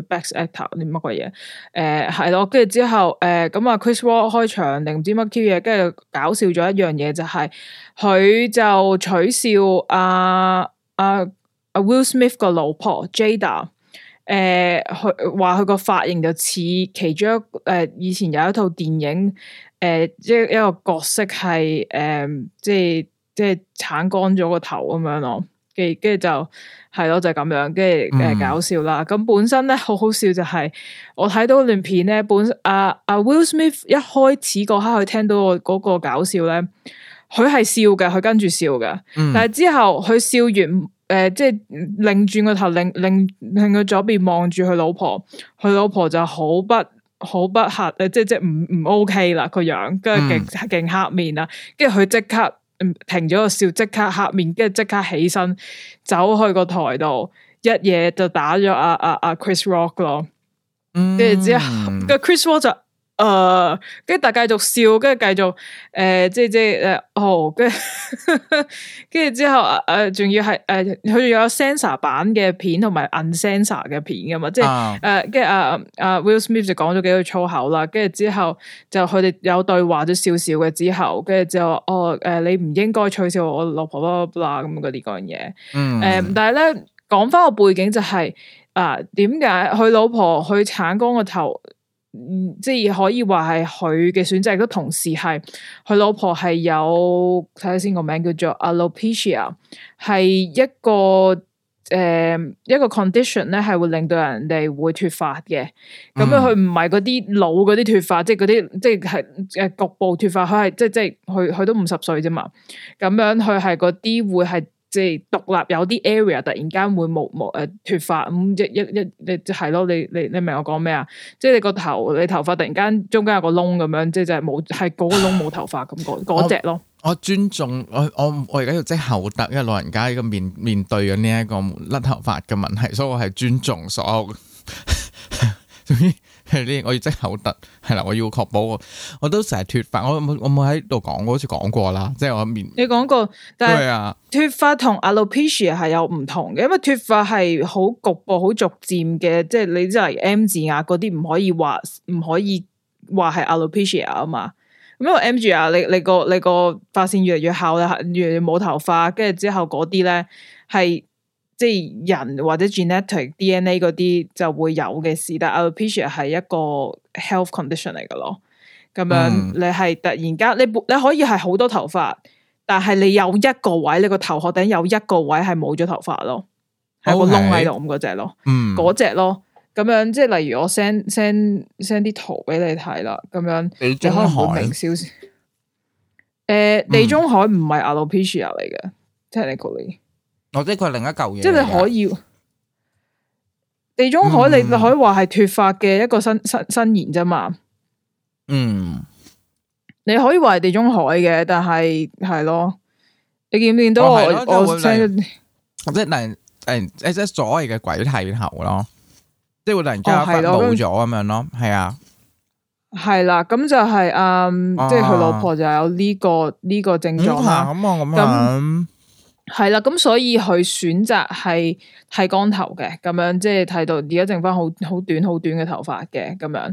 Best Actor 啲乜鬼嘢？誒、呃，係咯，跟住之後，誒、呃，咁、嗯、啊，Chris Wall 開場定唔知乜 Q 嘢，跟住搞笑咗一樣嘢就係、是、佢就取笑阿阿阿 Will Smith 個老婆 Jada。誒、呃，佢話佢個髮型就似其中一誒、呃，以前有一套電影，誒、呃，一一個角色係誒、呃，即係。即係鏟乾咗個頭咁樣咯，跟跟住就係咯，就咁、是、樣，跟住誒搞笑啦。咁本身咧好好笑就係、是、我睇到段片咧，本阿阿、啊啊、Will Smith 一開始嗰刻佢聽到個嗰個搞笑咧，佢係笑嘅，佢跟住笑嘅。嗯、但係之後佢笑完，誒、呃，即係擰轉個頭，擰擰擰去左邊望住佢老婆，佢老婆就好不好不合，誒、就是，即係即係唔唔 OK 啦個樣，跟住勁勁黑面啦，跟住佢即刻。停咗個笑，即刻黑面，跟住即刻起身，走去個台度，一嘢就打咗阿阿阿 Chris Rock 咯，嗯，跟住之後個 Chris Rock 就。誒，跟住佢繼續笑，跟住繼續誒、呃，即係即係誒、呃，哦，跟住跟住之後、呃呃有有呃呃、啊，誒，仲要係誒，佢仲有 censor 版嘅片同埋 uncensor 嘅片噶嘛？即係誒，跟住啊誒 Will Smith 就講咗幾句粗口啦，跟住之後就佢哋有對話咗少少嘅之後，跟住之後哦，誒、呃，你唔應該取笑我老婆，blah blah blah 咁嗰啲嗰樣嘢。嗯。誒、嗯，但係咧，講翻個背景就係、是、啊，點解佢老婆去鏟光個頭？嗯，即係可以話係佢嘅選擇，亦都同時係佢老婆係有睇下先個名叫做 alopecia，係一個誒、呃、一個 condition 咧，係會令到人哋會脱發嘅。咁樣佢唔係嗰啲老嗰啲脱發，即係嗰啲即係誒局部脱發，佢係即即係佢佢都五十歲啫嘛。咁樣佢係嗰啲會係。即係獨立有啲 area 突然間會冇冇誒脱發咁一一一你係咯你你你明我講咩啊？即係你個頭你頭髮突然間中間有個窿咁樣，即係就係冇係嗰個窿冇頭髮咁嗰嗰隻咯。我尊重我我我而家要即厚德，因為老人家個面面對緊呢一個甩頭髮嘅問題，所以我係尊重所有。係呢， *laughs* 我要即口好突，係啦，我要確保我，都成日脫髮，我冇我冇喺度講，我好似講過啦，即係我面。你講過，但係脫髮同 alopecia 係有唔同嘅，因為脫髮係好局部、好逐漸嘅，即係你就係 M 字額嗰啲唔可以話，唔可以話係 alopecia 啊嘛。咁因為 M 字額，你你個你個髮線越嚟越厚啦，越嚟越冇頭髮，跟住之後嗰啲咧係。即係人或者 genetic DNA 嗰啲就會有嘅事，但 alopecia 係一個 health condition 嚟嘅咯。咁樣你係突然間你你可以係好多頭髮，但係你有一個位，你個頭殼頂有一個位係冇咗頭髮咯，係 Okay. 個窿度咁嗰隻咯，嗰隻、嗯、咯，咁樣即係例如我 send send send 啲圖俾你睇啦，咁樣你最好明少少。誒、呃，地中海唔係 alopecia 嚟嘅，technically。嗯 techn 我覺得佢係另一舊嘢，即係你可以。地中海你你可以話係脫髮嘅一個新新新言啫嘛。嗯，你可以話係地中海嘅，但係係咯，你見唔見到我我即係突然誒誒即係所謂嘅鬼剃頭咯，即係突然之間發暴咗咁樣咯，係啊，係啦，咁就係誒，即係佢老婆就有呢個呢個症狀啦，咁咁。係啦，咁所以佢選擇係剃光頭嘅，咁樣即係剃到而家剩返好、好短、好短嘅頭髮嘅咁樣。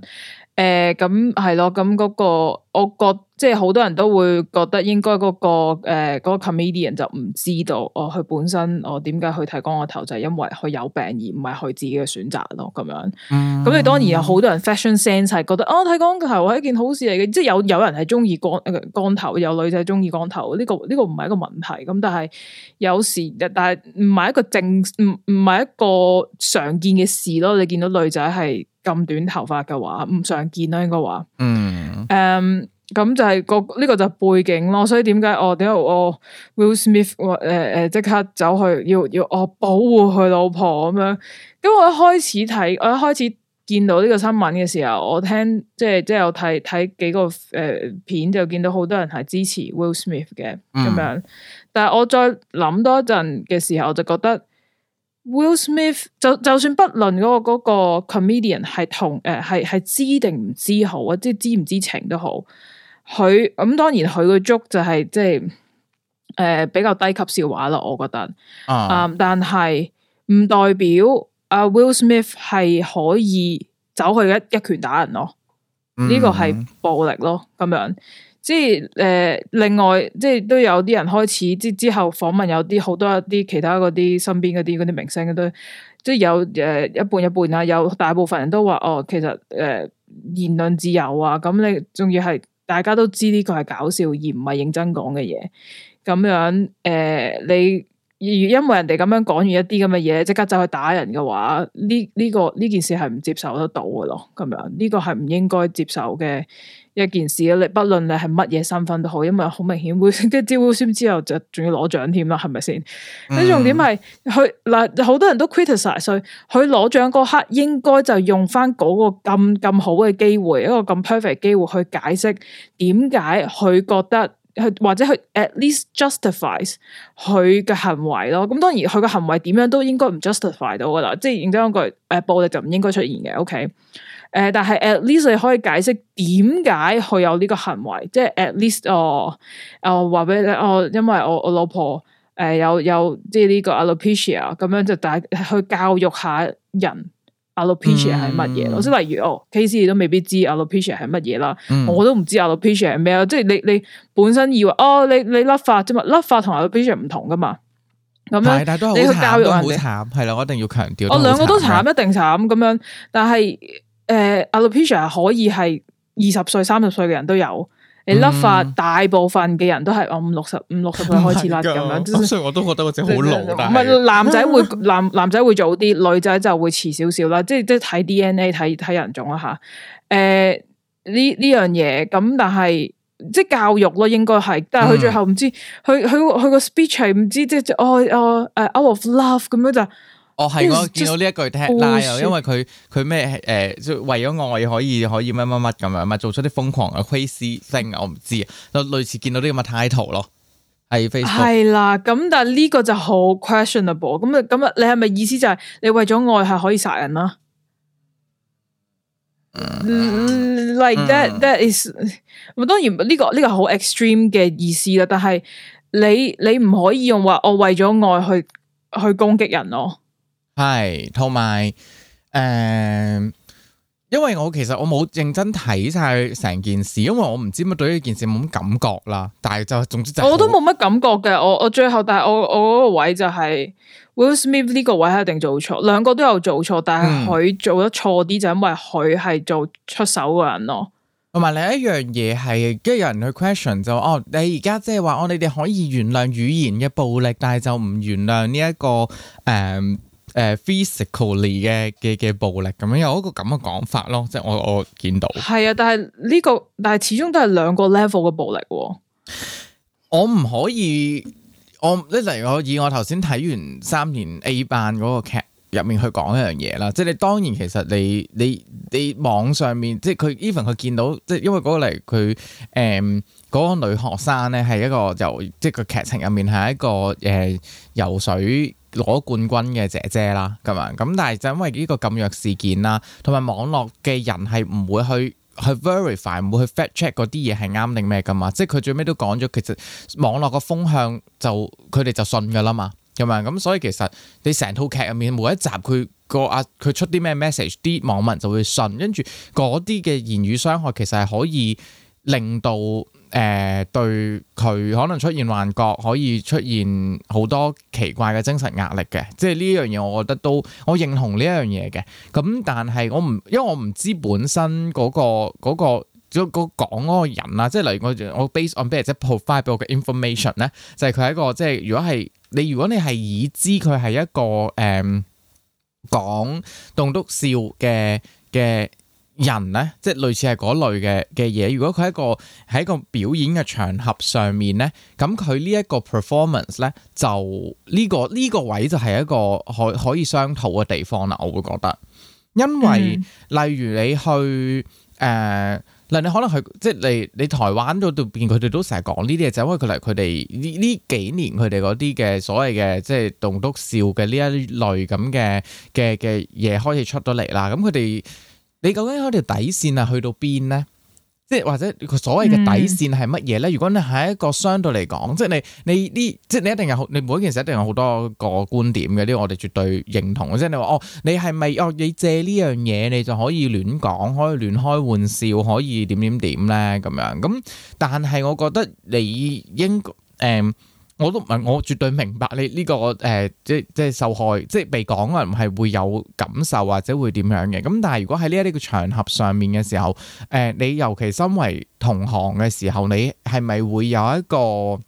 誒，咁係、嗯、咯，咁嗰、那個，我覺即係好多人都會覺得應該嗰、那個誒，嗰、呃那個 comedian 就唔知道，我、哦、佢本身，我點解去剃光個頭就係、是、因為佢有病而唔係佢自己嘅選擇咯，咁樣。咁你、嗯、當然有好多人 fashion sense 係覺得，我、哦、睇光個頭係一件好事嚟嘅，即係有有人係中意光、呃、光頭，有女仔中意光頭，呢、這個呢、這個唔係一個問題。咁但係有時，但係唔係一個正，唔唔係一個常見嘅事咯。你見到女仔係。咁短頭髮嘅話唔常見啦，應該話。嗯、mm。誒、hmm. um,，咁就係個呢個就背景咯，所以點解我點解我 Will Smith 誒誒即刻走去要要我、哦、保護佢老婆咁樣？咁我一開始睇，我一開始見到呢個新聞嘅時候，我聽即係即係有睇睇幾個誒、呃、片就見到好多人係支持 Will Smith 嘅咁、mm hmm. 樣，但係我再諗多一陣嘅時候我就覺得。Will Smith 就就算不論嗰、那個、那個 comedian 係同誒係係知定唔知好啊，即係知唔知情都好，佢咁、嗯、當然佢個 joke 就係即係誒比較低級笑話啦，我覺得啊、嗯，但係唔代表啊、呃、Will Smith 係可以走去一一拳打人咯，呢、這個係暴力咯，咁樣。即係誒、呃，另外即係都有啲人開始之之後訪問有，有啲好多一啲其他嗰啲身邊嗰啲啲明星都即係有誒、呃、一半一半啦，有大部分人都話哦，其實誒、呃、言論自由啊，咁你仲要係大家都知呢個係搞笑而唔係認真講嘅嘢，咁樣誒、呃、你因為人哋咁樣講完一啲咁嘅嘢，即刻就去打人嘅話，呢呢、呢個呢件事係唔接受得到嘅咯，咁樣呢、呢個係唔應該接受嘅。一件事不你不論你係乜嘢身份都好，因為好明顯，會跟 *laughs* 招呼之後就仲要攞獎添啦，係咪先？啲、嗯、重點係佢嗱，好多人都 criticise 佢，佢攞獎嗰刻應該就用翻嗰個咁咁好嘅機會，一個咁 perfect 機會去解釋點解佢覺得。去或者去 at least justifies 佢嘅行為咯，咁當然佢嘅行為點樣都應該唔 justify 到噶啦，即係認真句誒暴力就唔應該出現嘅，ok，誒、呃，但係 at least 你可以解釋點解佢有呢個行為，即係 at least 哦哦話俾你，因為我我老婆誒、呃、有有即係呢個 alopecia 咁樣就帶去教育下人。alopecia 係乜嘢？我先、嗯、例如哦，K C 都未必知 alopecia 係乜嘢啦。嗯、我都唔知 alopecia 係咩啊！即係你你本身以為哦，你你脫髮啫嘛？脫髮同 alopecia 唔同噶嘛？咁樣，但係都好慘，你去教育人哋，都好慘，係啦！我一定要強調，我兩、哦、個都慘，一定慘咁樣。但係誒，alopecia 可以係二十歲、三十歲嘅人都有。你 l 甩髮，大部分嘅人都係我五六十五六十歲開始啦。咁樣、oh my 就是，咁所以我都覺得嗰隻好老。 *laughs* 但係唔係男仔會男男仔會早啲，女仔就會遲少少啦。即係即係睇 DNA 睇睇人種啦吓。誒，呢呢樣嘢咁，但係即係教育咯，應該係。但係佢最後唔知佢佢佢個 speech 係唔知即係哦哦誒、哦、out of love 咁樣就。哦，係我見到呢一句 headline 啊，因為佢佢咩誒，即、呃、為咗愛可以可以乜乜乜咁樣嘛，做出啲瘋狂嘅 crazy thing，我唔知啊，就類似見到啲咁嘅 title 咯，喺 Facebook 係啦。咁但係呢個就好 questionable。咁啊咁啊，你係咪意思就係你為咗愛係可以殺人啊、嗯、 *coughs* ？Like that that is，我當然呢、呢個呢、呢個好 extreme 嘅意思啦，但係你你唔可以用話我為咗愛去去攻擊人咯、啊。係，同埋誒，因為我其實我冇認真睇晒成件事，因為我唔知乜對呢件事冇乜感覺啦。但係就總之就我都冇乜感覺嘅。我我最後，但係我我嗰個位就係 Will Smith 呢個位係一定做錯，兩個都有做錯，但係佢做得錯啲，就因為佢係做出手嘅人咯。同埋、嗯、另一樣嘢係，跟住有人去 question 就哦，你而家即係話我你哋可以原諒語言嘅暴力，但係就唔原諒呢一個誒。呃誒、uh,，physically 嘅嘅嘅暴力咁樣有一個咁嘅講法咯，即係我我見到係啊，但係呢、這個但係始終都係兩個 level 嘅暴力，哦。我唔可以，我例如我以我頭先睇完三年 A 班嗰個劇入面去講一樣嘢啦。即係你當然其實你你你網上面即係佢 even 佢見到，即係因為嗰個嚟佢誒嗰個女學生咧係一個游，即、就、係、是、個劇情入面係一個誒、呃、游水。攞冠軍嘅姐姐啦，咁樣咁，但係就因為呢個禁藥事件啦，同埋網絡嘅人係唔會去去 verify，唔會去 fact check 嗰啲嘢係啱定咩㗎嘛，即係佢最尾都講咗，其實網絡個風向就佢哋就信㗎喇嘛，咁樣咁，所以其實你成套劇入面每一集佢個啊佢出啲咩 message，啲網民就會信，跟住嗰啲嘅言語傷害其實係可以令到。誒、呃、對佢可能出現幻覺，可以出現好多奇怪嘅精神壓力嘅，即係呢樣嘢，我覺得都我認同呢一樣嘢嘅。咁但係我唔，因為我唔知本身嗰個嗰個，如講嗰個、那個那個、人啊，即係例如我我 base on 俾即係 provide 俾我嘅 information 咧，就係佢係一個即係如果係你如果你係已知佢係一個誒講、呃、棟篤笑嘅嘅。人咧，即係類似係嗰類嘅嘅嘢。如果佢一個喺一個表演嘅場合上面咧，咁佢呢一個 performance 咧，就呢個、呢個位就係一個可以可以商討嘅地方啦。我會覺得，因為例如你去誒，嗱、呃、你可能去即係你你台灣嗰度邊，佢哋都成日講呢啲嘢，就因為佢嚟佢哋呢呢幾年佢哋嗰啲嘅所謂嘅即係棟篤笑嘅呢一類咁嘅嘅嘅嘢開始出咗嚟啦。咁佢哋。你究竟嗰條底線係去到邊咧？即係或者佢所謂嘅底線係乜嘢咧？如果你係一個相對嚟講、嗯，即係你你啲即係你一定有你每一件事一定有好多個觀點嘅，呢個我哋絕對認同。即係你話哦，你係咪哦你借呢樣嘢你就可以亂講，可以亂開玩笑，可以點點點咧咁樣咁？但係我覺得你應誒。嗯我都唔係，我絕對明白你呢、這個誒、呃，即係即係受害，即係被講嘅人係會有感受或者會點樣嘅。咁但係如果喺呢一啲嘅場合上面嘅時候，誒、呃，你尤其身為同行嘅時候，你係咪會有一個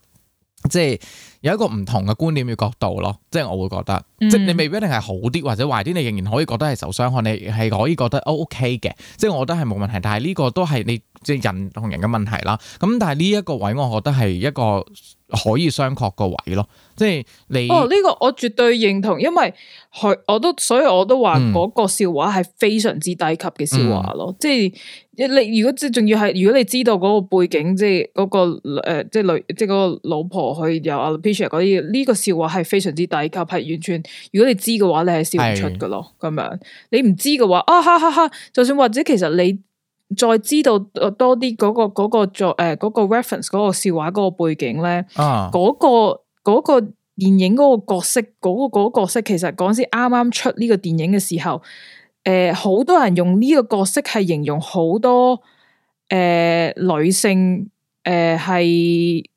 即係有一個唔同嘅觀點與角度咯？即係我會覺得，嗯、即係你未必一定係好啲或者壞啲，你仍然可以覺得係受傷害，你係可以覺得 O K 嘅。即係我覺得係冇問題，但係呢個都係你即係人同人嘅問題啦。咁但係呢一個位，我覺得係一個。可以商榷個位咯，即係你。哦，呢、這個我絕對認同，因為佢我都，所以我都話嗰、嗯、個笑話係非常之低級嘅笑話咯。嗯、即係你如果即係仲要係，如果你知道嗰個背景，即係嗰、那個誒、呃，即係女，即係、那個老婆去有阿 p i e 嗰啲，呢、這個笑話係非常之低級，係完全如果你知嘅話，你係笑唔出嘅咯。咁是樣你唔知嘅話，啊哈哈哈！就算或者其實你。再知道多啲嗰、那個嗰、那個作誒嗰、呃那個 reference 嗰、那個笑話嗰個背景咧，嗰、uh. 那個嗰、那個電影嗰個角色嗰、那個嗰、那個、角色其實嗰陣時啱啱出呢個電影嘅時候，誒、呃、好多人用呢個角色係形容好多誒、呃、女性誒係。呃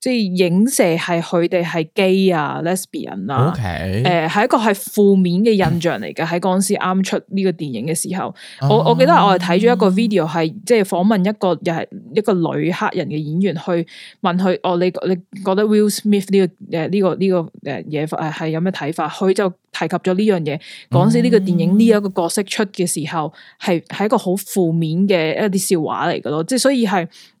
即係影射係佢哋係 gay 啊、lesbian 啊，誒係 Okay.、呃、一個係負面嘅印象嚟嘅。喺嗰時啱出呢個電影嘅時候， *laughs* 我我記得我係睇咗一個 video，係即係訪問一個又係一個女黑人嘅演員去問佢，我、哦、你你覺得 Will Smith 呢、這個誒呢、呃這個呢、呃這個誒嘢誒係有咩睇法？佢就提及咗呢樣嘢，嗰時呢個電影呢一個角色出嘅時候，係係 *laughs* 一個好負面嘅一啲笑話嚟嘅咯，即係所以係。都係嗰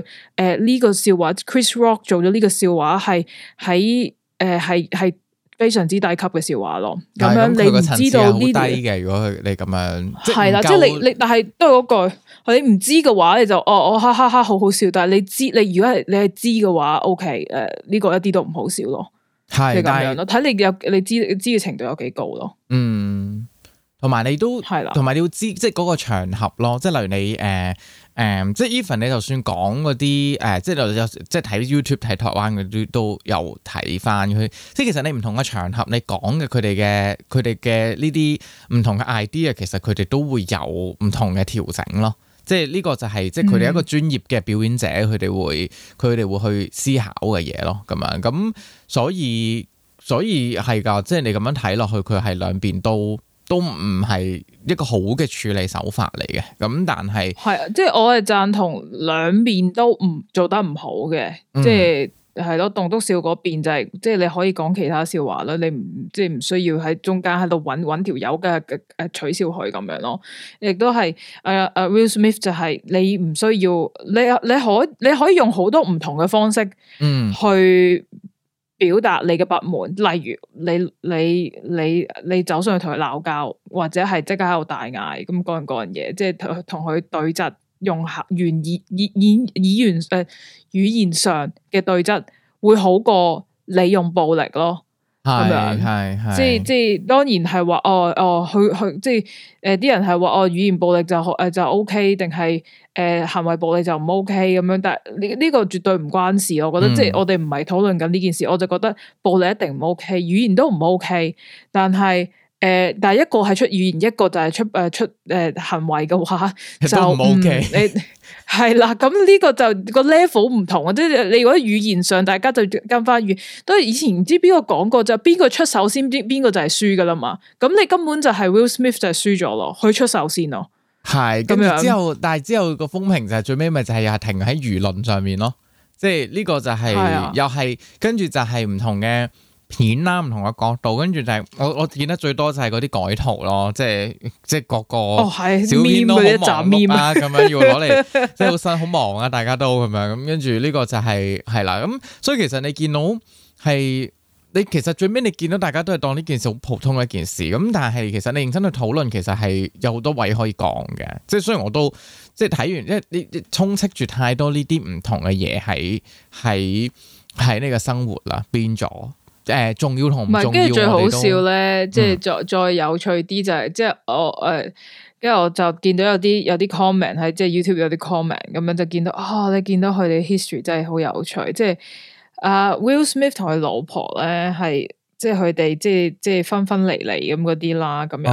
句，誒呢個笑話，Chris Rock 做咗呢個笑話係喺誒係係非常之低級嘅笑話咯。咁樣你知道呢啲嘅，如果佢你咁樣係啦，即係你你但係都係嗰句，你唔知嘅話你就哦哦，哈哈哈好好笑，但係你知你如果係你係知嘅話，OK 誒呢個一啲都唔好笑咯。係咁樣咯，睇你有你知知嘅程度有幾高咯。嗯，同埋你都係啦，同埋你要知即係嗰個場合咯，即係例如你誒。呃誒、um, 呃，即係 even 你就算講嗰啲誒，即係有即係睇 YouTube 睇台灣嗰啲都有睇翻佢。即係其實你唔同嘅場合，你講嘅佢哋嘅佢哋嘅呢啲唔同嘅 idea，其實佢哋都會有唔同嘅調整咯。即係呢個就係、是、即係佢哋一個專業嘅表演者，佢哋會佢哋會去思考嘅嘢咯。咁樣咁，所以所以係㗎，即係你咁樣睇落去，佢係兩邊都。都唔係一個好嘅處理手法嚟嘅，咁但係係啊，即係我係贊同兩面都唔做得唔好嘅，即係係咯，棟篤笑嗰邊就係，即係你可以講其他笑話啦，你唔即係唔需要喺中間喺度揾揾條友嘅誒取笑佢咁樣咯，亦都係誒誒 Will Smith 就係你唔需要你你可你可以用好多唔同嘅方式嗯去。嗯表達你嘅不滿，例如你你你你走上去同佢鬧交，或者係即刻喺度大嗌，咁嗰樣嗰樣嘢，即係同佢對質，用言言言語言誒語言上嘅對質，會好過你用暴力咯。係，係，係、嗯，即係，即係，當然係話哦，哦，佢，佢，即係，誒、呃，啲人係話哦，語言暴力就誒、呃、就 O K，定係誒行為暴力就唔 O K 咁樣，但係呢呢個絕對唔關事，我覺得、嗯、即係我哋唔係討論緊呢件事，我就覺得暴力一定唔 O K，語言都唔 O K，但係誒、呃，但係一個係出語言，一個就係出誒、呃、出誒、呃、行為嘅話就唔 O K。 *laughs* *laughs* 係啦，咁呢個就個 level 唔同，即係你如果語言上，大家就跟翻語。都係以前唔知邊個講過就，邊個出手先，邊邊個就係輸噶啦嘛。咁你根本就係 Will Smith 就係輸咗咯，佢出手先咯。係，跟住之後，樣但係之後個風評就係、是、最尾咪就係又係停喺輿論上面咯。即係呢個就係、是啊、又係跟住就係唔同嘅。片啦、啊，唔同嘅角度，跟住就係、是、我我見得最多就係嗰啲改圖咯，即係即係個個哦係，小面，都好忙碌啊，咁樣要攞嚟， *laughs* 即係好新好忙啊，大家都咁樣，咁跟住呢個就係係啦，咁、嗯、所以其實你見到係你其實最尾你見到大家都係當呢件事好普通嘅一件事，咁、嗯、但係其實你認真去討論，其實係有好多位可以講嘅，即係雖然我都即係睇完，因為你充斥住太多呢啲唔同嘅嘢喺喺喺呢個生活啦，變咗。誒，重要同唔係，跟住最好笑咧，嗯、即係再再有趣啲就係、是，即係我誒，跟住我就見到有啲有啲 comment 喺即係 YouTube 有啲 comment 咁樣，就見到啊、哦，你見到佢哋 history 真係好有趣，即係阿、啊、Will Smith 同佢老婆咧係，即係佢哋即係即係分分離離咁嗰啲啦，咁樣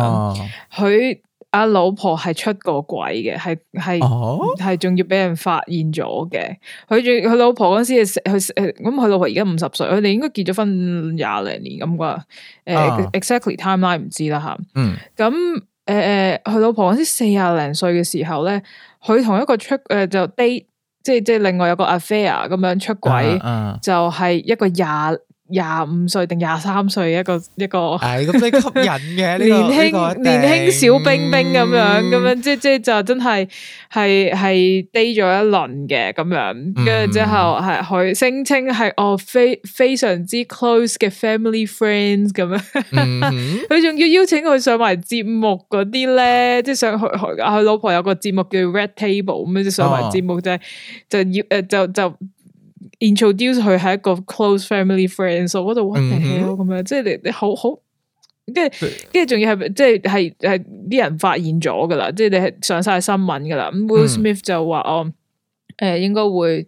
佢。啊阿老婆係出過軌嘅，係係係仲要俾人發現咗嘅。佢仲佢老婆嗰時係佢誒，咁佢老婆而家五十歲，佢哋應該結咗婚廿零年咁啩？誒，exactly timeline 唔知啦吓。嗯，咁誒誒，佢、exactly uh, 呃、老婆嗰時四廿零歲嘅時候咧，佢同一個出誒、呃、就 date，即係即係另外有個 affair 咁樣出軌，uh, uh, 就係一個廿。廿五歲定廿三歲，一個一個，係吸引嘅年輕輕年輕小冰冰咁樣咁，嗯、樣，即即就真係係係 date 咗一輪嘅咁樣，跟住之後係佢聲稱係我非非常之 close 嘅 family friends 咁樣，佢 *laughs* 仲，嗯、 *laughs* 要邀請佢上埋節目嗰啲咧，即上佢佢老婆有個節目叫 Red Table 咁樣，哦，就上埋節目就就要誒就就。就就就就就 introduce 佢係一個 close family friend，所以我我就哇屌咁樣，即係你你好好，跟住跟住仲要係咪即係係係啲人發現咗噶啦，即係你係上晒新聞噶啦，咁 Will Smith 就話哦，誒、呃、應該會。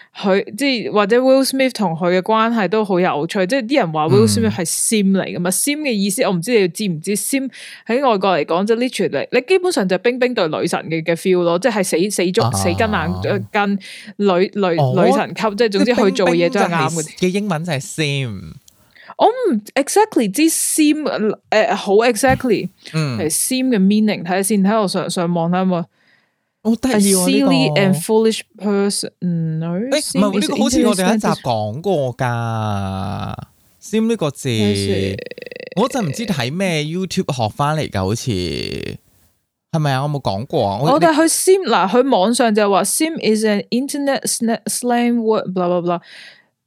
佢即係或者 Will Smith 同佢嘅關係都好有趣，即係啲人話 Will、嗯、Smith 係、嗯、sim 嚟噶嘛？sim 嘅意思我唔知，你知唔知？sim 喺外國嚟講即係 literally 你基本上就係冰冰對女神嘅嘅 feel 咯，即係死死足、啊、死跟眼跟女女、哦、女神級，即係總之佢做嘢都係啱嘅。嘅、就是、英文就係 sim，我唔 exactly 知 sim 誒好 exactly 嗯係 sim 嘅 meaning 睇下先，睇我上上網睇嘛。好得意喎呢個！誒，唔係呢個，好似我哋一集講過噶，sim 呢個字，我就唔知睇咩 YouTube 學翻嚟噶，好似係咪啊？我冇講過，我哋去 sim 嗱，佢網上就話 sim is an internet slang word，blah blah blah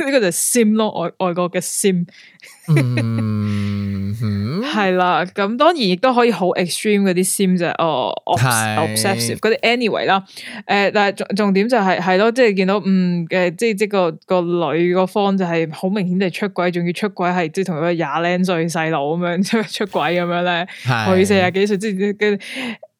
呢 *laughs* 個就 sim 咯，外外國嘅 sim，係啦，咁當然亦都可以好 extreme 嗰啲 sim 啫，哦，obs obsessive 嗰啲 anyway 啦，誒，但係重重點就係係咯，即係見到嗯，誒，即係即個個女個方就係好明顯係出軌，仲要出軌係即係同個廿零歲細佬咁樣出出軌咁樣咧，佢四十幾歲即係。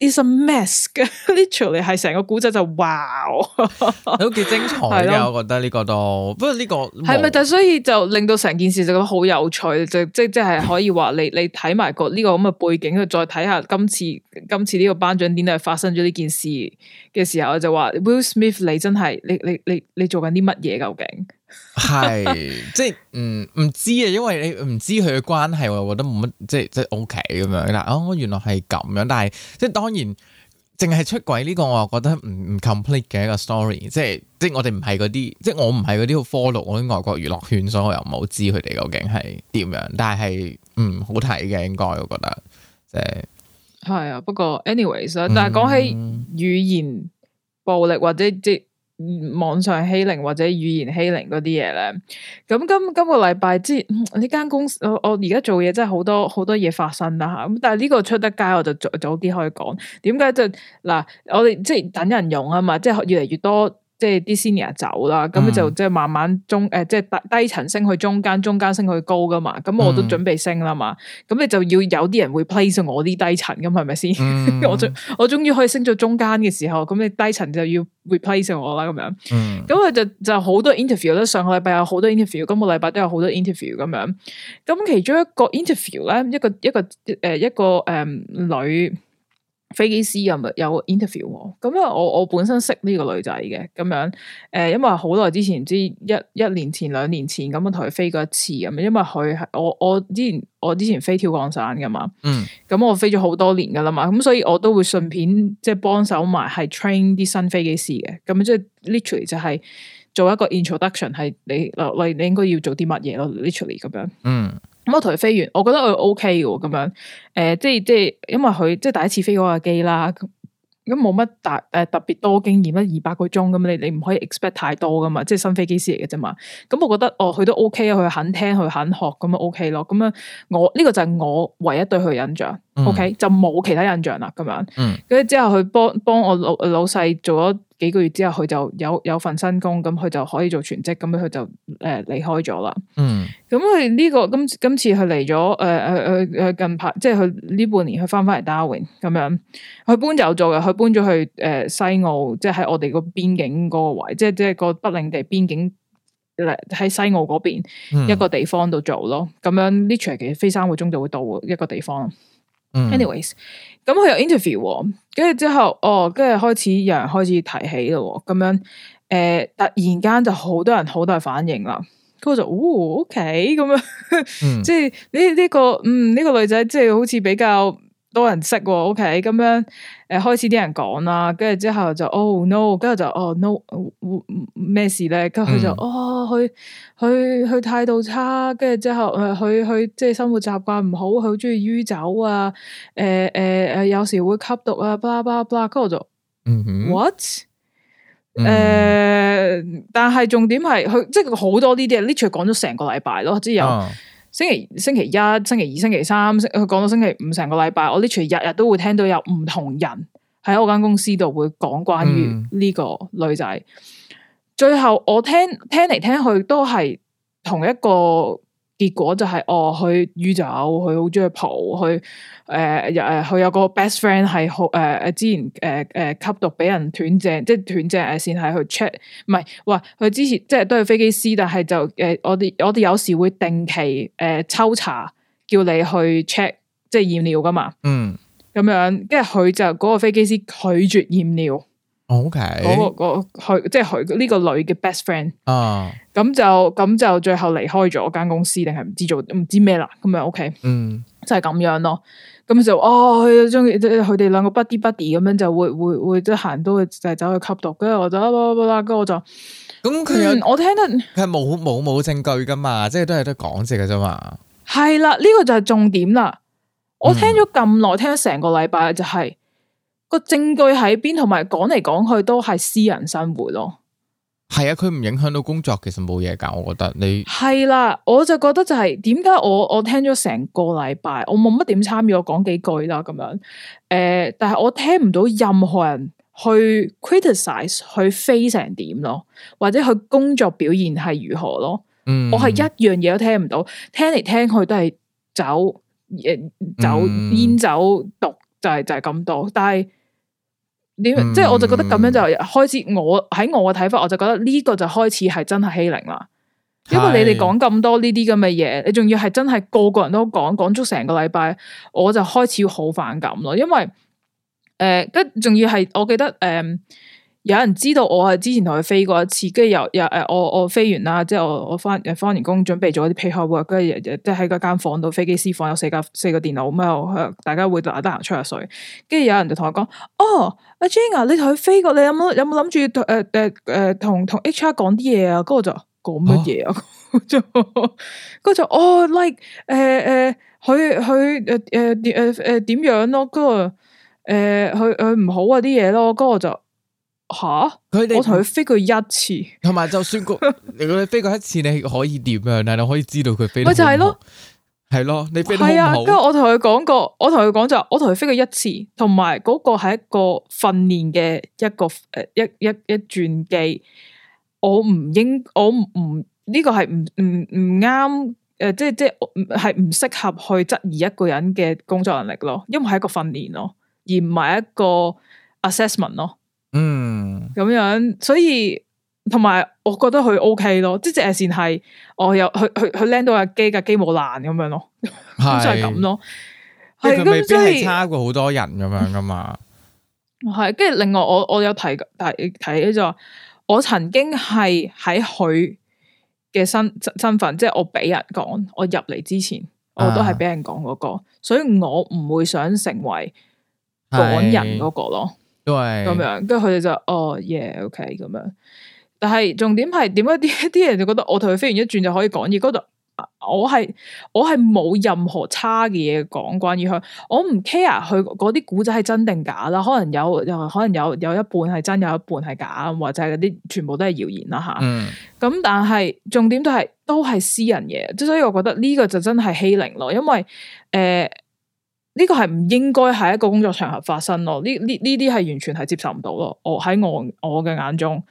is a mess 嘅 *laughs* ，literally 係成個古仔就哇， *laughs* 你都幾精彩嘅， *laughs* 的我覺得呢個都，不過呢個係咪就所以就令到成件事就覺得好有趣，就即即係可以話你你睇埋個呢個咁嘅背景，再睇下今次今次呢個頒獎典禮發生咗呢件事嘅時候，就話 Will Smith 你真係你你你你做緊啲乜嘢究竟？係 *laughs* 即係唔唔知啊，因為你唔知佢嘅關係，我又覺得冇乜即係即係 OK 咁樣嗱，哦原來係咁樣，但係即係當然淨係出軌呢、這個，我又覺得唔唔 complete 嘅一個 story，即係即係我哋唔係嗰啲，即係我唔係嗰啲 follow 嗰啲外國娛樂圈，所以我又冇知佢哋究竟係點樣，但係唔、嗯、好睇嘅應該我覺得即係係啊，不過 anyways，、嗯、但係講起語言暴力或者即網上欺凌或者語言欺凌嗰啲嘢咧，咁今今個禮拜之前，呢、嗯、間公司，我我而家做嘢真係好多好多嘢發生啦吓，咁但係呢個出得街我就早早啲可以講，點解就嗱、啊，我哋即係等人用啊嘛，即係越嚟越多。即係啲 senior 走啦，咁就即係慢慢中誒，即係低低層升去中間，中間升去高噶嘛。咁我都準備升啦嘛。咁你就要有啲人會 play 我啲低層咁係咪先？我最我終於可以升咗中間嘅時候，咁你低層就要 replace 上我啦。咁樣，咁我就就好多 interview 啦。上個禮拜有好多 interview，今個禮拜都有好多 interview 咁樣。咁其中一個 interview 咧，一個一個誒一個誒女。飛機師有咪有 interview 咁啊？我我本身識呢個女仔嘅咁樣，誒、呃，因為好耐之前之一一年前兩年前咁啊，同佢飛過一次咁啊，因為佢係我我之前我之前飛跳降傘噶嘛，嗯，咁我飛咗好多年噶啦嘛，咁所以我都會順便即係幫手埋係 train 啲新飛機師嘅，咁即係 literally 就係 liter 做一個 introduction 係你，我我你應該要做啲乜嘢咯？literally 咁樣，嗯。咁我同佢飛完，我覺得佢 O K 嘅咁樣，誒、呃，即係即係，因為佢即係第一次飛嗰架機啦，咁冇乜大誒特別多經驗一二百個鐘，咁你你唔可以 expect 太多㗎嘛，即係新飛機師嚟嘅啫嘛，咁我覺得哦佢都 O K 啊，佢肯聽佢肯學咁啊 O K 咯，咁啊、OK、我呢、這個就係我唯一對佢印象。O.K. 就冇其他印象啦，咁樣。跟住之後佢幫幫我老老細做咗幾個月之後，佢就有有份新工，咁佢就可以做全職，咁佢就誒、呃、離開咗啦。咁佢呢個今今次佢嚟咗誒誒誒誒，近排即係佢呢半年佢翻翻嚟 Darwin。咁樣，佢搬走做嘅，佢搬咗去誒、呃、西澳，即係喺我哋個邊境嗰個位，即係即係個北領地邊境喺西澳嗰邊、嗯、一個地方度做咯。咁樣呢 trip 其實飛三個鐘就會到一個地方。anyways，咁佢又 interview，跟住之後，哦，跟住開始有人開始提起咯，咁樣，誒、呃，突然間就好多人好大反應啦。跟住佢就，哦，OK，咁樣，嗯、 *laughs* 即係呢呢個，嗯，呢、呢個女仔即係好似比較多人識喎。OK，咁樣，誒、呃，開始啲人講啦，跟住之後就哦 no，跟住就哦 no，咩事咧？跟住佢就，哦，去、no。哦 no。佢佢態度差，跟住之後誒，佢佢即係生活習慣唔好，佢好中意酗酒啊，誒誒誒，有時會吸毒啊，blah blah blah。跟住我就，what？誒，但係重點係佢即係好多呢啲啊 Litchie 講咗成個禮拜咯，即係由、er、星期星期、oh. 星期一、星期二、星期，星期三，佢講到星期五成個禮拜，我 Litchie 日日都會聽到有唔同人喺我間公司度會講關於呢個女仔。Mm hmm. 最後我聽聽嚟聽去都係同一個結果，就係、是、哦，佢酗酒，佢好中意蒲，佢誒誒，佢、呃、有個 best friend 係好誒誒，之前誒誒、呃呃、吸毒俾人斷正，即係斷正誒，先係去 check，唔係，哇，佢之前即係都係飛機師，但係就誒、呃，我哋我哋有時會定期誒、呃、抽查，叫你去 check 即係驗尿噶嘛，嗯，咁樣，跟住佢就嗰、嗰個飛機師拒絕驗尿。O Okay . K，、那個佢、那個、即係佢呢個女嘅 best friend 啊，咁就咁就最後離開咗間公司，定係唔知做唔知咩啦？咁咪 O K，嗯，就係咁樣咯。咁就哦，中佢佢哋兩個不啲不啲，b o 咁樣就會會會即係行到就走去吸毒，跟住我就啦啦啦啦，跟住我就咁佢、嗯、我聽得佢係冇冇冇證據噶嘛，即係都係得講字噶啫嘛。係啦，呢、這個就係重點啦。我聽咗咁耐，嗯、聽咗成個禮拜就係、是。個證據喺邊，同埋講嚟講去都係私人生活咯。係啊，佢唔影響到工作，其實冇嘢㗎。我覺得你係啦、啊，我就覺得就係點解我我聽咗成個禮拜，我冇乜點參與，我講幾句啦咁樣。誒、呃，但係我聽唔到任何人去 criticise 去非成點咯，或者佢工作表現係如何咯。嗯、我係一樣嘢都聽唔到，聽嚟聽去都係酒、誒、呃、酒、煙、酒、嗯、毒，就係、是、就係、是、咁多。但係。點，即係我就覺得咁樣就開始，我喺我嘅睇法，我就覺得呢個就開始係真係欺凌啦。因為你哋講咁多呢啲咁嘅嘢，你仲要係真係個個人都講，講足成個禮拜，我就開始好反感咯。因為誒，跟、呃、仲要係我記得誒。呃有人知道我啊？之前同佢飛過一次，跟住又又誒，我我飛完啦，即係我我翻翻完工，準備做一啲配鞋喎，跟住即喺個間房度飛機師房有四個四個電腦，咁啊，大家會得得閒吹下水。跟住有人就同我講：哦，阿 Jane 啊，你同佢飛過，你有冇有冇諗住誒誒誒同同 HR 講啲嘢啊？跟住就講乜嘢啊？跟住就哦，like 誒誒，佢佢誒誒點誒誒點樣咯？跟住誒佢佢唔好啊啲嘢咯，跟我就。吓佢，哈你我同佢飛過一次，同埋就算過 *laughs* 如果你飛過一次，你可以點樣？但係你可以知道佢飛。咪就係咯，係咯，你飛得好唔好？跟住我同佢講過，我同佢講就，我同佢飛過一次，同埋嗰個係一個訓練嘅一個誒一一一,一轉機。我唔應，我唔呢、這個係唔唔唔啱誒！即即係唔適合去質疑一個人嘅工作能力咯，因為係一個訓練咯，而唔係一個 assessment 咯。嗯，咁樣，所以同埋，我覺得佢 OK 咯，即係阿善係，我又佢佢佢叻到阿機架機冇爛咁樣咯，就係、是、咁咯，即係佢未係差過好多人咁樣噶嘛。係，跟、嗯、住、嗯嗯、另外我我有睇睇睇，就話我曾經係喺佢嘅身身份，即係我俾人講，我入嚟之前，我都係俾、啊、人講嗰、嗰個，所以我唔會想成為講人嗰個咯。咁對樣，跟住佢哋就哦耶 OK 咁樣。但係重點係點解啲啲人就覺得我同佢飛完一轉就可以講嘢？覺得 *noise* 我係我係冇任何差嘅嘢講，關於佢，我唔 care 佢嗰啲古仔係真定假啦。可能有，有可能有有一半係真，有一半係假，或者係嗰啲全部都係謠言啦吓。咁、嗯、但係重點都係都係私人嘢，即所以我覺得呢個就真係欺凌咯，因為誒。呃呢個係唔應該係一個工作場合發生咯，呢呢呢啲係完全係接受唔到咯。我喺我我嘅眼中，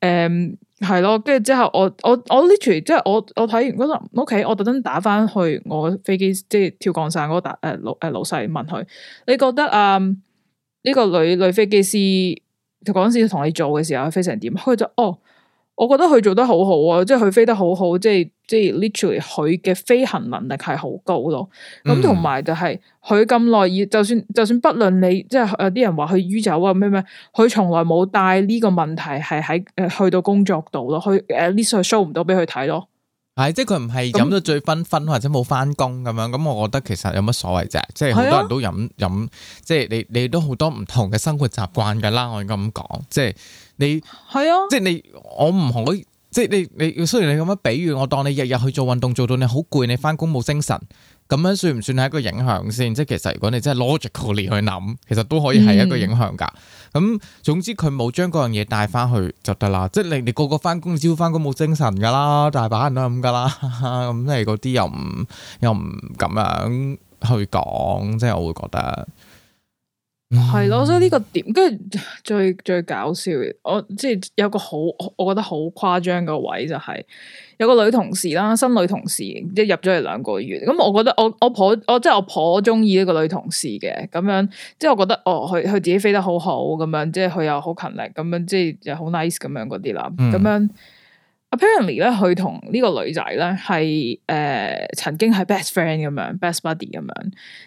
誒係咯，跟住之後我我我呢條，即係我我睇完嗰陣，O K，我特登打翻去我飛機即係、就是、跳降落傘嗰個老誒、呃、老誒、呃、老細問佢，你覺得啊呢、嗯這個女女飛機師嗰陣時同你做嘅時候飛成點？佢就哦，我覺得佢做得好好、哦、啊，即係佢飛得好好，即、就、係、是。即係 literally 佢嘅飛行能力係好高咯，咁同埋就係佢咁耐，要就算就算不論你，即係有啲人話佢酗酒啊咩咩，佢從來冇帶呢個問題係喺誒去到工作度咯，佢誒至少 show 唔到俾佢睇咯。係即係佢唔係飲咗醉醺醺，或者冇翻工咁樣，咁那我覺得其實有乜所謂啫？即係好多人都飲飲，即係你你都好多唔同嘅生活習慣噶啦，我咁講，即係你係啊，即係你我唔同。即係你你雖然你咁樣比喻，我當你日日去做運動做到你好攰，你翻工冇精神，咁樣算唔算係一個影響先？即係其實如果你真係 logically 去諗，其實都可以係一個影響噶。咁、嗯、總之佢冇將嗰樣嘢帶翻去就得啦。即係你你個個翻工只要翻工冇精神噶啦，大把人都係咁噶啦。咁即係嗰啲又唔又唔咁樣去講，即係我會覺得。係咯、嗯，所以呢個點，跟住最最搞笑，我即係有個好，我覺得好誇張個位就係、是，有個女同事啦，新女同事即係入咗嚟兩個月，咁我覺得我我婆，我，我即係我婆中意呢個女同事嘅，咁樣即係我覺得哦，佢佢自己飛得好好咁樣，即係佢又好勤力，咁樣即係又好 nice 咁樣嗰啲啦，咁樣。Apparently 咧，佢同呢個女仔咧係誒曾經係 best friend 咁樣，best buddy 咁樣，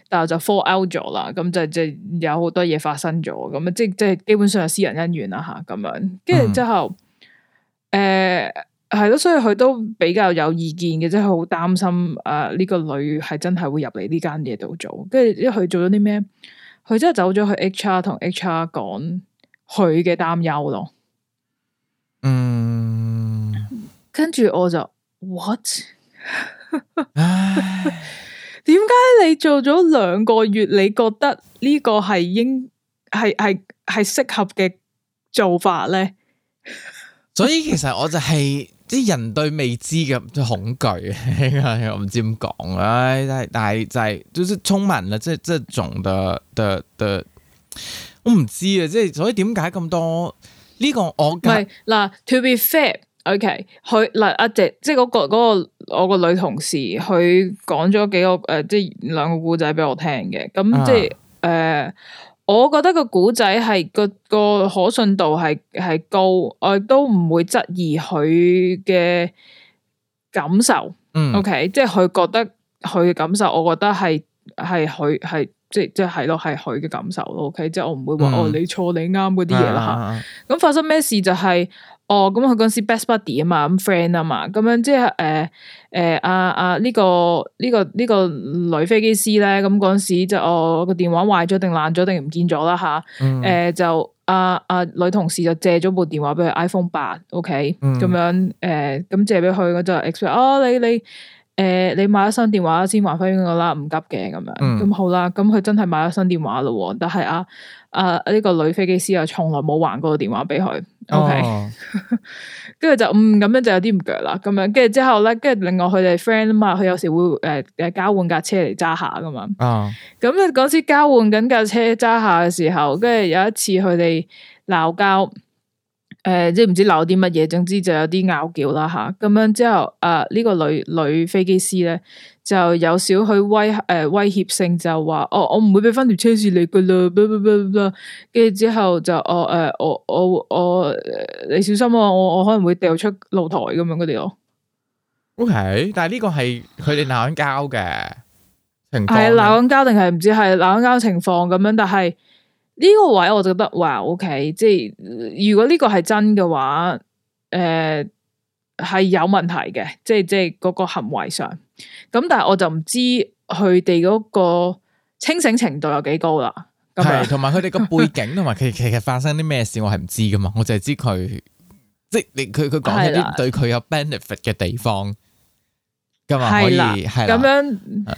但係就 fall out 咗啦，咁就即係有好多嘢發生咗，咁啊即即係基本上係私人恩怨啦吓，咁樣跟住之後誒係咯，所以佢都比較有意見嘅，即係好擔心啊呢、呃這個女係真係會入嚟呢間嘢度做，做 R, 跟住一去做咗啲咩，佢真係走咗去 HR 同 HR 講佢嘅擔憂咯，嗯、hmm.。跟住我就 what？點 *laughs* 解你做咗兩個月，你覺得呢個係應係係係適合嘅做法咧？ *laughs* 所以其實我就係啲人對未知嘅恐懼， *laughs* 我唔知點講。唉、哎，但係就係、是，就是聰明喇，即係仲得得得。我唔知啊。即係所以點解咁多呢個我唔係嗱？To be fair。O.K. 佢嗱阿姐，即係嗰個嗰個我個女同事，佢講咗幾個誒、呃，即係兩個故仔俾我聽嘅。咁即係誒、啊呃，我覺得個古仔係個個可信度係係高，我都唔會質疑佢嘅感受。O.K. 即係佢覺得佢嘅感受，我覺得係係佢係即即係咯，係佢嘅感受咯。O.K. 即係我唔會話、嗯、哦，你錯你啱嗰啲嘢啦吓。咁發生咩事就係？哦，咁佢嗰時 best buddy 啊嘛，咁 friend 啊嘛，咁樣即係誒誒阿阿呢個呢、這個呢、這個女飛機師咧，咁嗰時就我個、哦、電話壞咗，定爛咗，定唔見咗啦吓，誒、嗯呃、就阿阿、啊啊、女同事就借咗部電話俾佢 iPhone 八，OK，咁、嗯、樣誒咁、呃、借俾佢，我就 ex 哦你你。你誒，你買咗新電話先還翻俾我啦，唔急嘅咁樣，咁好啦。咁佢真係買咗新電話咯，但係啊啊呢個女飛機師又從來冇還過電話俾佢。OK，跟住就唔，咁樣就有啲唔腳啦。咁樣跟住之後咧，跟住另外佢哋 friend 啊嘛，佢有時會誒誒交換架車嚟揸下噶嘛。啊，咁咧嗰次交換緊架車揸下嘅時候，跟住有一次佢哋鬧交。誒、呃，即係唔知鬧啲乜嘢，總之就有啲拗撬啦吓，咁、啊、樣之後，誒、呃、呢、這個女女飛機師咧就有少許威誒、呃、威脅性就，就話哦，我唔會俾翻條車匙你噶啦，跟住之後就、哦呃、我誒我我我你小心啊，我我可能會掉出露台咁樣嗰啲咯。O、okay, K，但係呢個係佢哋鬧緊交嘅情況，係鬧緊交定係唔知係鬧緊交情況咁樣，但係。呢個位我就覺得哇，OK，即係如果呢個係真嘅話，誒、呃、係有問題嘅，即係即係嗰個行為上。咁但係我就唔知佢哋嗰個清醒程度有幾高啦。係是，同埋佢哋個背景同埋佢其實發生啲咩事，我係唔知噶嘛。我淨係知佢即係你佢佢講一啲對佢有 benefit 嘅地方噶嘛的可以係咁的的樣。嗯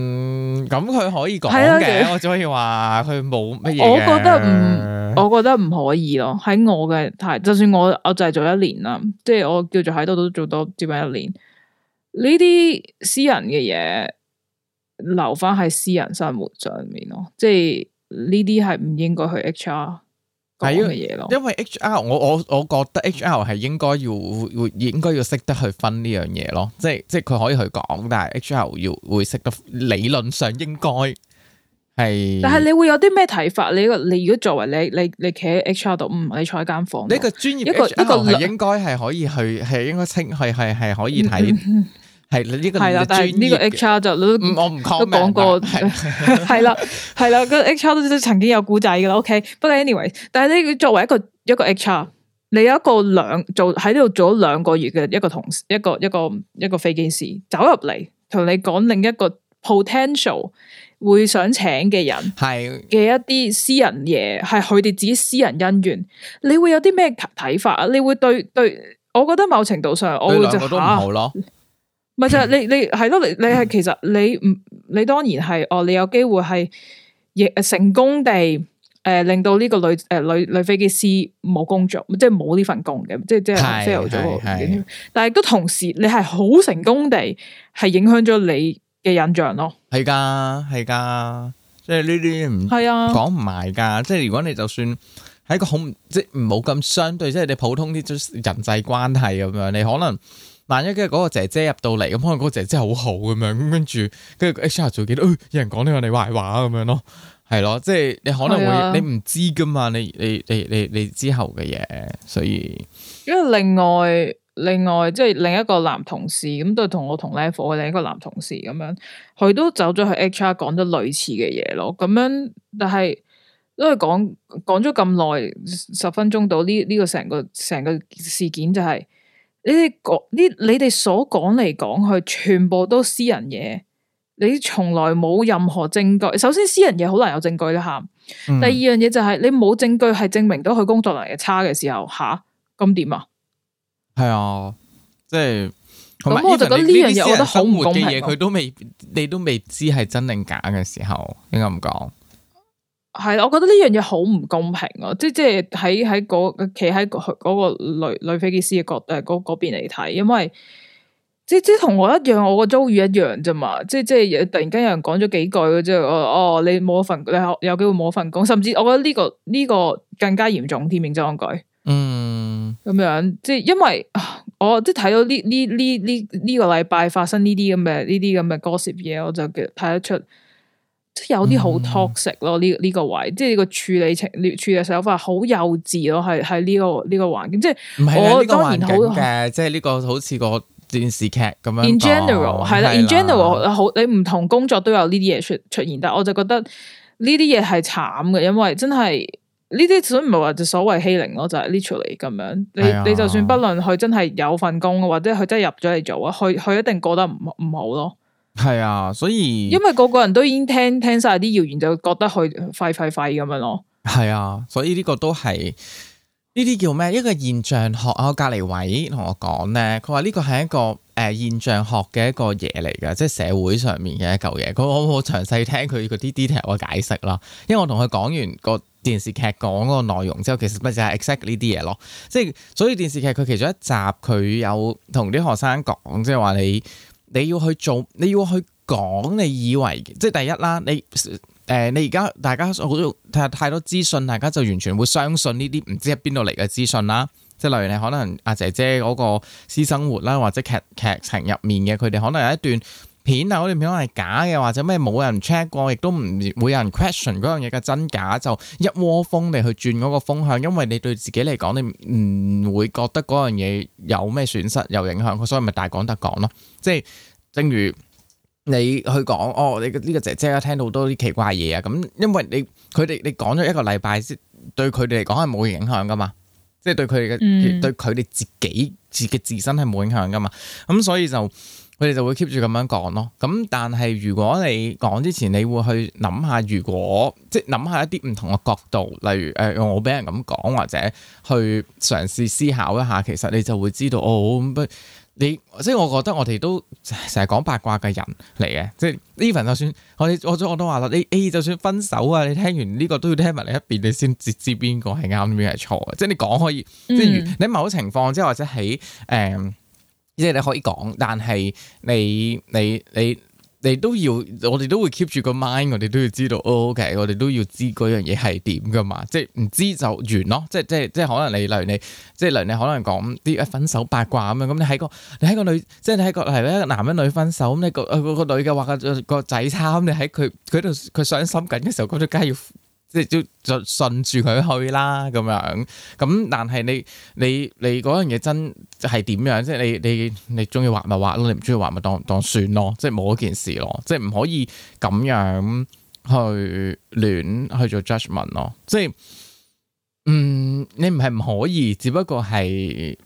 咁佢可以講嘅，的我只可以話佢冇乜嘢。我覺得唔，我覺得唔可以咯。喺我嘅，係就算我我就係做一年啦，即係我叫做喺度都做多接近一年。呢啲私人嘅嘢留翻喺私人生活上面咯，即係呢啲係唔應該去 HR。係呢樣嘢咯，因為 H R 我我我覺得 H R 係應該要會應該要識得去分呢樣嘢咯，即係即係佢可以去講，但係 H R 要會識得理論上應該係。但係你會有啲咩睇法？你個你如果作為你你你企喺 H R 度，唔，你坐間你一間房，呢個專業 H R 應該係可以去係個應該清係係係可以睇.。 *laughs* 係啦，呢個呢個 HR 就唔、嗯、我唔講說過，係啦係啦，個 HR 都曾經有古仔噶啦。OK，不過 anyway，但係呢作為一個一個 HR 你有一個兩做喺呢度做咗兩個月嘅一個同事，一個一個，一個，一，個一個飛機師走入嚟同你講另一個 potential 會想請嘅人係嘅一啲私人嘢，係佢哋自己私人恩怨。你會有啲咩睇法啊？你會對對，對，我覺得某程度上對我會就吓。 *laughs* *laughs* 咪就係你你係咯你你係其實你唔你當然係哦你有機會係亦成功地誒令到呢個女誒女女飛機師冇工作即係冇呢份工嘅，即係即係 fail 咗，但係都同時你係好成功地係影響咗你嘅印象咯。係噶係噶，即係呢啲唔係啊講唔埋噶，即係如果你就算係一個好即係唔好咁相對，即係你普通啲咗人際關係咁樣，你可能。萬一跟住嗰個姐姐入到嚟，咁可能嗰個姐姐好好咁樣，咁跟住，跟住 HR 做幾多？有人講呢個你壞話咁樣咯，係咯，即係你可能會，你唔知噶嘛，你你你你你之後嘅嘢，所以因為另外另外即係另一個男同事，咁都係同我同 level 嘅另一個男同事咁樣，佢都走咗去 HR 講咗類似嘅嘢咯，咁樣，但係因為講講咗咁耐十分鐘到，呢呢個成個成個事件就係。你哋講呢？你哋所講嚟講去，全部都私人嘢，你從來冇任何證據。首先，私人嘢好難有證據啦，吓。第二樣嘢就係你冇證據係證明到佢工作能力差嘅時候，吓咁點啊？係啊，即係咁。我就覺得呢樣嘢，我覺得好唔公平。佢都未，你都未知係真定假嘅時候，應該唔講。係我覺得呢樣嘢好唔公平啊！即係即係喺喺企喺嗰嗰個女女飛機師嘅角誒嗰嗰邊嚟睇，因為即即同我一樣，我個遭遇一樣啫嘛！即即突然間有人講咗幾句，即係我哦，你冇份，你有有機會冇份工，甚至我覺得呢個呢個更加嚴重添，唔知點解？嗯，咁樣即係因為我即睇到呢呢呢呢呢個禮拜發生呢啲咁嘅呢啲咁嘅 gossip 嘢，我就睇得出。即係有啲好 toxic 咯，呢呢、嗯、個位，即係個處理情處理手法好幼稚咯，係係呢個呢、這個環境，即係、啊、我當然好嘅，即係呢個好似個電視劇咁樣。In general 係啦，In general 好你唔同工作都有呢啲嘢出啦出現，但我就覺得呢啲嘢係慘嘅，因為真係呢啲所唔係話就所謂欺凌咯，就係、是、literally 咁樣。你對、啊、你就算不論佢真係有份工，或者佢真係入咗嚟做啊，佢佢一定過得唔唔好咯。係啊，所以因為個個人都已經聽聽晒啲謠言，就覺得佢廢廢廢咁樣咯。係啊，所以呢個都係呢啲叫咩？一個現象學啊！我隔籬位同我講咧，佢話呢個係一個誒、呃、現象學嘅一個嘢嚟噶，即係社會上面嘅一嚿嘢。佢好好詳細聽佢嗰啲 detail 嘅解釋啦。因為我同佢講完個電視劇講嗰個內容之後，其實咪就係 except 呢啲嘢咯。即係所以電視劇佢其中一集，佢有同啲學生講，即係話你。你要去做，你要去講，你以為嘅，即係第一啦。你誒、呃，你而家大家好，太多資訊，大家就完全會相信呢啲唔知係邊度嚟嘅資訊啦。即係例如你可能阿、啊、姐姐嗰個私生活啦，或者劇劇情入面嘅，佢哋可能有一段。片啊，我哋片係假嘅，或者咩冇人 check 過，亦都唔會有人 question 嗰樣嘢嘅真假，就一窩蜂地去轉嗰個風向，因為你對自己嚟講，你唔會覺得嗰樣嘢有咩損失、有影響，所以咪大講特講咯。即係，正如你去講，哦，你呢個姐姐聽到好多啲奇怪嘢啊，咁因為你佢哋你講咗一個禮拜，對佢哋嚟講係冇影響噶嘛，即係對佢哋嘅，對佢哋自己自己自身係冇影響噶嘛，咁、嗯、所以就。佢哋 *noise* *noise* 就會 keep 住咁樣講咯。咁但係如果你講之前，你會去諗下，如果即係諗下一啲唔同嘅角度，例如誒，呃、如我俾人咁講，或者去嘗試思考一下，其實你就會知道哦。你即係我覺得我哋都成日講八卦嘅人嚟嘅。即係 e 就算我我我都話啦，你、哎、誒就算分手啊，你聽完呢個都要聽埋你一邊，你先知知邊個係啱邊係錯嘅。即係你講可以，嗯、即係如你某情況即係或者喺誒。呃即係你可以講，但係你你你你都要，我哋都會 keep 住個 mind，我哋都要知道，OK，我哋都要知嗰樣嘢係點噶嘛？即係唔知就完咯。即係即係即係可能你，例如你，即係例如你可能講啲分手八卦咁樣，咁你喺個你喺個女，即係你喺個係男人女分手，咁、個、你個、個個女嘅話、個個仔差慘，個個、你喺佢佢度佢傷心緊嘅時候，佢都梗係要。即係就順住佢去啦，咁樣咁。但係你你你嗰樣嘢真係點樣？即係你你你中意畫咪畫咯，你唔中意畫咪當當算咯。即係冇一件事咯。即係唔可以咁樣去亂去做 judgement 咯。即係嗯，你唔係唔可以，只不過係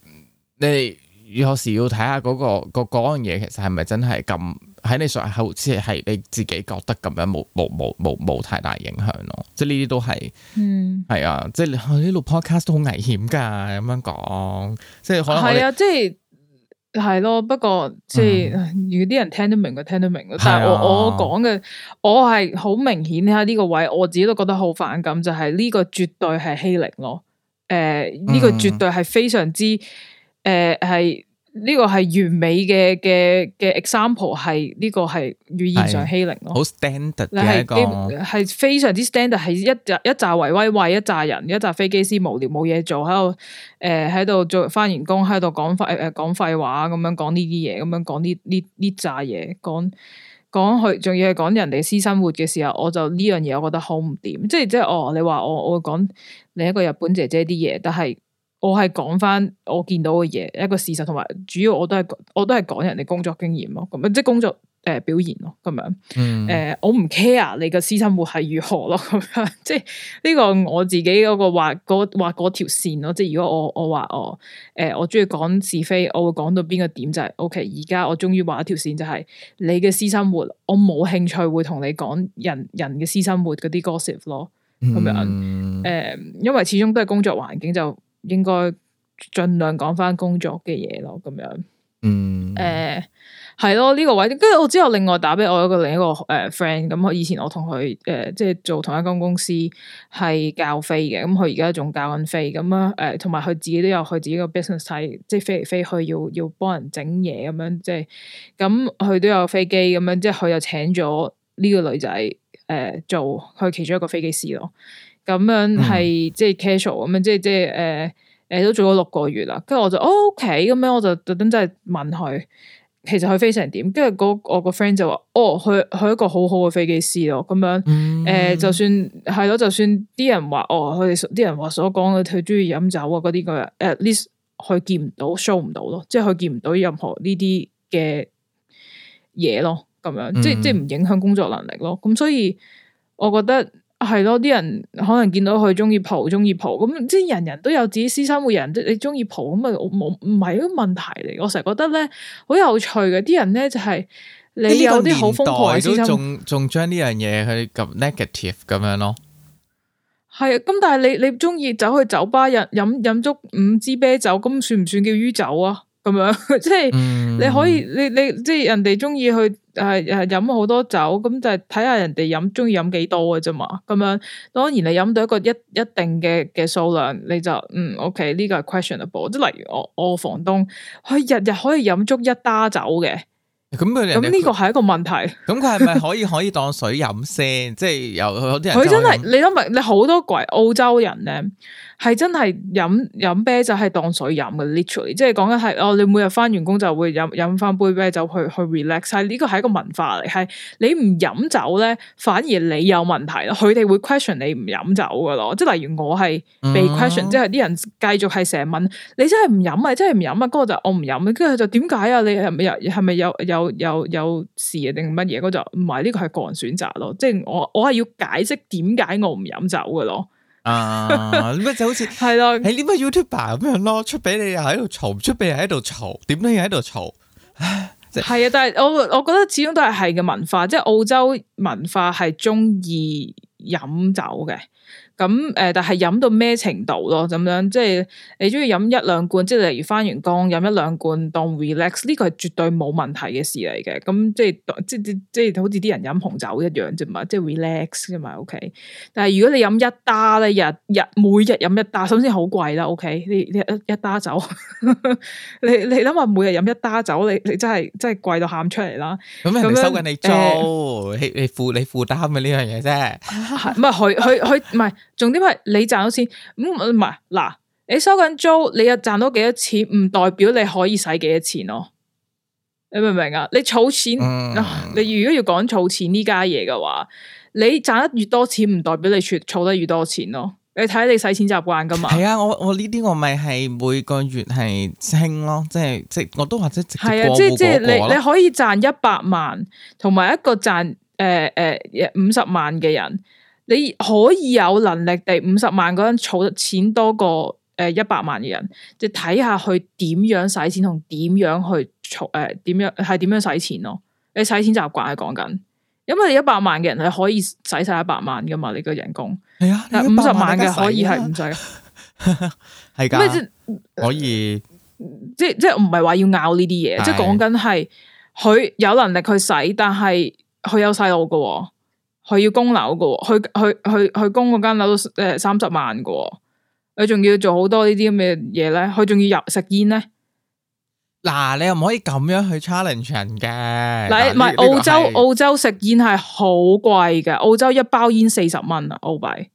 你有時要睇下嗰個個嗰樣嘢其實係咪真係咁。喺你上口，即係你自己覺得咁樣冇冇冇冇冇太大影響咯，即係呢啲都係，嗯，係啊，即係你去呢度 podcast 都好危險噶，咁樣講，即係可能係啊，即係係咯，不過即係、嗯、如果啲人聽得明嘅，聽得明但係我我講嘅，我係好明顯喺呢個位，我自己都覺得好反感，就係、是、呢個絕對係欺凌咯，誒、呃，呢、這個絕對係非常之，誒、呃、係。呢個係完美嘅嘅嘅 example，係呢、這個係語言上欺凌咯，好 standard 嘅一個，係非常之 standard，係一扎一紮維威位一紮人，一紮飛機師無聊冇嘢做喺度，誒喺度做翻完工喺度講廢誒講廢話咁樣講呢啲嘢，咁樣講呢呢呢扎嘢，講講去，仲要係講人哋私生活嘅時候，我就呢樣嘢我覺得好唔掂，即係即係哦，你話我我講你一個日本姐姐啲嘢，但係。我係講翻我見到嘅嘢，一個事實，同埋主要我都係我都係講人哋工作經驗咯，咁即係工作誒表現咯，咁、呃、樣。誒、嗯呃，我唔 care 你嘅私生活係如何咯，咁樣。即係呢個我自己嗰個畫嗰畫嗰條線咯。即、就、係、是、如果我我話我誒、呃、我中意講是非，我會講到邊個點就係、是。O K，而家我終於畫一條線，就係、是、你嘅私生活，我冇興趣會同你講人人嘅私生活嗰啲 gossip 咯。咁樣、嗯，誒、呃，因為始終都係工作環境就。應該盡量講翻工作嘅嘢咯，咁樣，嗯、mm. 呃，誒，係咯呢個位，跟住，我之後另外打俾我一個另一個誒 friend，咁我以前我同佢誒即係做同一間公司係教飛嘅，咁佢、呃、而家仲教緊飛，咁啊，誒，同埋佢自己都有佢自己個 business 細，即係飛嚟飛去要要幫人整嘢咁樣，即係，咁佢都有飛機咁樣，即係佢又請咗呢個女仔誒、呃、做佢其中一個飛機師咯。呃咁樣係即係 casual 咁樣，即係即係誒誒，都做咗六個月啦。跟住我就哦，O K，咁樣我就特登真係問佢，其實佢飛成點？跟住、嗰個、我個 friend 就話，哦，佢佢一個好好嘅飛機師咯。咁樣誒、呃，就算係咯、mm hmm.，就算啲人話哦，佢哋啲人話所講嘅，佢中意飲酒啊嗰啲咁啊，at least 佢見唔到 show 唔到咯，即係佢見唔到任何呢啲嘅嘢咯。咁樣、mm hmm. 即係即係唔影響工作能力咯。咁所以我覺得。係咯，啲人可能見到佢中意蒲，中意蒲咁，即係人人都有自己私生活，人都你中意蒲咁啊，冇唔係一個問題嚟。我成日覺得咧，好有趣嘅，啲人咧就係、是、你有啲好瘋狂嘅私生活，都仲仲將呢樣嘢去咁 negative 咁樣咯。係啊，咁但係你你中意走去酒吧飲飲飲足五支啤酒，咁算唔算叫酗酒啊？咁樣即係你可以，嗯、你你，你即係人哋中意去。係係飲好多酒，咁就睇下人哋飲中意飲幾多嘅啫嘛。咁樣當然你飲到一個一一定嘅嘅數量，你就嗯 OK 呢個係 questionable。即係例如我我房東，佢日日可以飲足一打酒嘅，咁咁呢個係一個問題。咁佢係咪可以可以當水飲先？即係有有啲人佢真係你諗下，你好多鬼澳洲人咧。係真係飲飲啤酒係當水飲嘅，literally，即係講嘅係哦，你每日翻完工就會飲飲翻杯啤酒去去 relax。但呢個係一個文化嚟，係你唔飲酒咧，反而你有問題咯。佢哋會 question 你唔飲酒嘅咯。即係例如我係被 question，mm hmm. 即係啲人繼續係成日問你真係唔飲啊，真係唔飲啊。嗰個就我唔飲，跟住就點解啊？你係咪係咪有有有有事啊？定乜嘢？嗰個就唔係，呢個係個人選擇咯。即係我我係要解釋點解我唔飲酒嘅咯。啊！咩、uh, *laughs* 就好似係咯，你點解 YouTuber 咁樣咯，欸、出俾你又喺度嘈，唔出俾你又喺度嘈，點都要喺度嘈。係 *laughs* 啊， *laughs* 但係我我覺得始終都係係嘅文化，即係澳洲文化係中意飲酒嘅。咁誒，但係飲到咩程度咯？咁樣即係你中意飲一兩罐，即係例如返完工飲一兩罐當 relax，呢個係絕對冇問題嘅事嚟嘅。咁即係即即即係好似啲人飲紅酒一樣啫嘛，即係 relax 啫嘛。OK，但係如果你飲一打咧，日日每日飲一打，首先好貴啦。OK，你一一打酒， *laughs* 酒，你你諗下每日飲一打酒，你你真係真係貴到喊出嚟啦！咁咩收緊你，你租，你、欸、你負你負擔嘅呢樣嘢啫。唔係佢佢佢唔係。啊啊 *laughs* 重點係你賺到錢咁唔係嗱，你收緊租，你又賺到幾多錢？唔代表你可以使幾多錢咯？你明唔明啊？你儲錢、嗯啊，你如果要講儲錢呢家嘢嘅話，你賺得越多錢，唔代表你儲得越多錢咯？你睇下你使錢習慣噶嘛？係啊，我我呢啲我咪係每個月係清咯，即係即我都或者係啊，即即係你你可以賺一百萬，同埋一個賺誒誒五十萬嘅人。你可以有能力地五十萬個人儲錢多過誒一百萬嘅人，就睇、是、下佢點樣使錢同點樣去儲誒點樣係點樣使錢咯？你、呃、使錢習慣係講緊，因為你一百萬嘅人係可以使晒一百萬噶嘛？你個人工五十萬嘅可以係唔使，係噶 *laughs* 的、就是、可以，即即唔係話要拗呢啲嘢，即講緊係佢有能力去使，但係佢有細路噶。佢要供樓噶，佢佢佢佢供嗰間樓誒三十萬噶，佢仲要做好多呢啲咁嘅嘢咧，佢仲要入食煙咧。嗱，你又唔可以咁樣去 challenge 人嘅。嗱，唔係澳洲食煙係好貴噶，澳洲一包煙四十蚊啊，澳幣。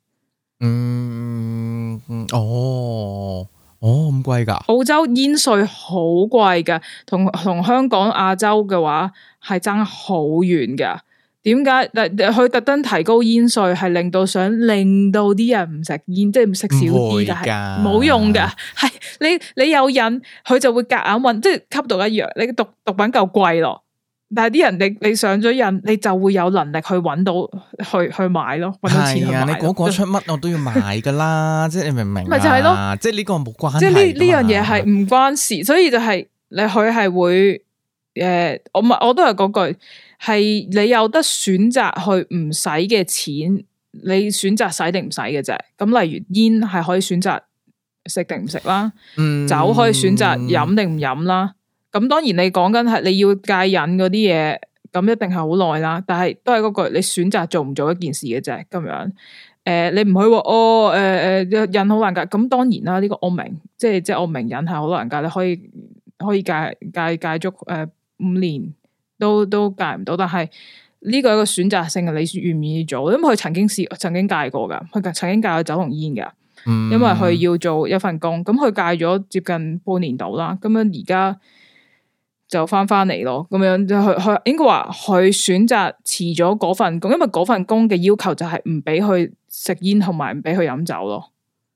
嗯嗯，哦，哦咁貴噶。澳洲煙稅好貴噶，同同香港亞洲嘅話係爭好遠噶。點解？但佢特登提高煙稅，係令到想令到啲人唔食煙，即係唔食少啲，會但冇用噶。係你你有癮，佢就會夾硬搵，即係吸毒一樣。你毒毒品夠貴咯，但係啲人你你上咗癮，你就會有能力去搵到去去買咯。係啊，你講講出乜，我都要買噶啦。 *laughs* 即係你明唔明，啊？咪 *laughs* 就係咯，即係呢個冇關即係呢呢樣嘢係唔關事， *laughs* 所以就係你佢係會誒，我咪我都係嗰句。係你有得選擇去唔使嘅錢，你選擇使定唔使嘅啫。咁例如煙係可以選擇食定唔食啦，酒可以選擇飲定唔飲啦。咁當然你講緊係你要戒癮嗰啲嘢，咁一定係好耐啦。但係都係嗰句，你選擇做唔做一件事嘅啫。咁樣，誒，你唔去話哦，誒誒，癮好難戒。咁當然啦，呢個我明，即係即係我明癮係好難戒。你可以可以戒戒戒足誒五年，都都戒唔到，但係呢個係一個選擇性嘅，你願唔願意做？因為佢曾經試，曾經戒過噶，佢曾經戒過酒同煙噶，嗯、因為佢要做一份工，咁佢戒咗接近半年度啦，咁樣而家就翻翻嚟咯，咁樣佢佢應該話佢選擇辭咗嗰份工，因為嗰份工嘅要求就係唔俾佢食煙同埋唔俾佢飲酒咯。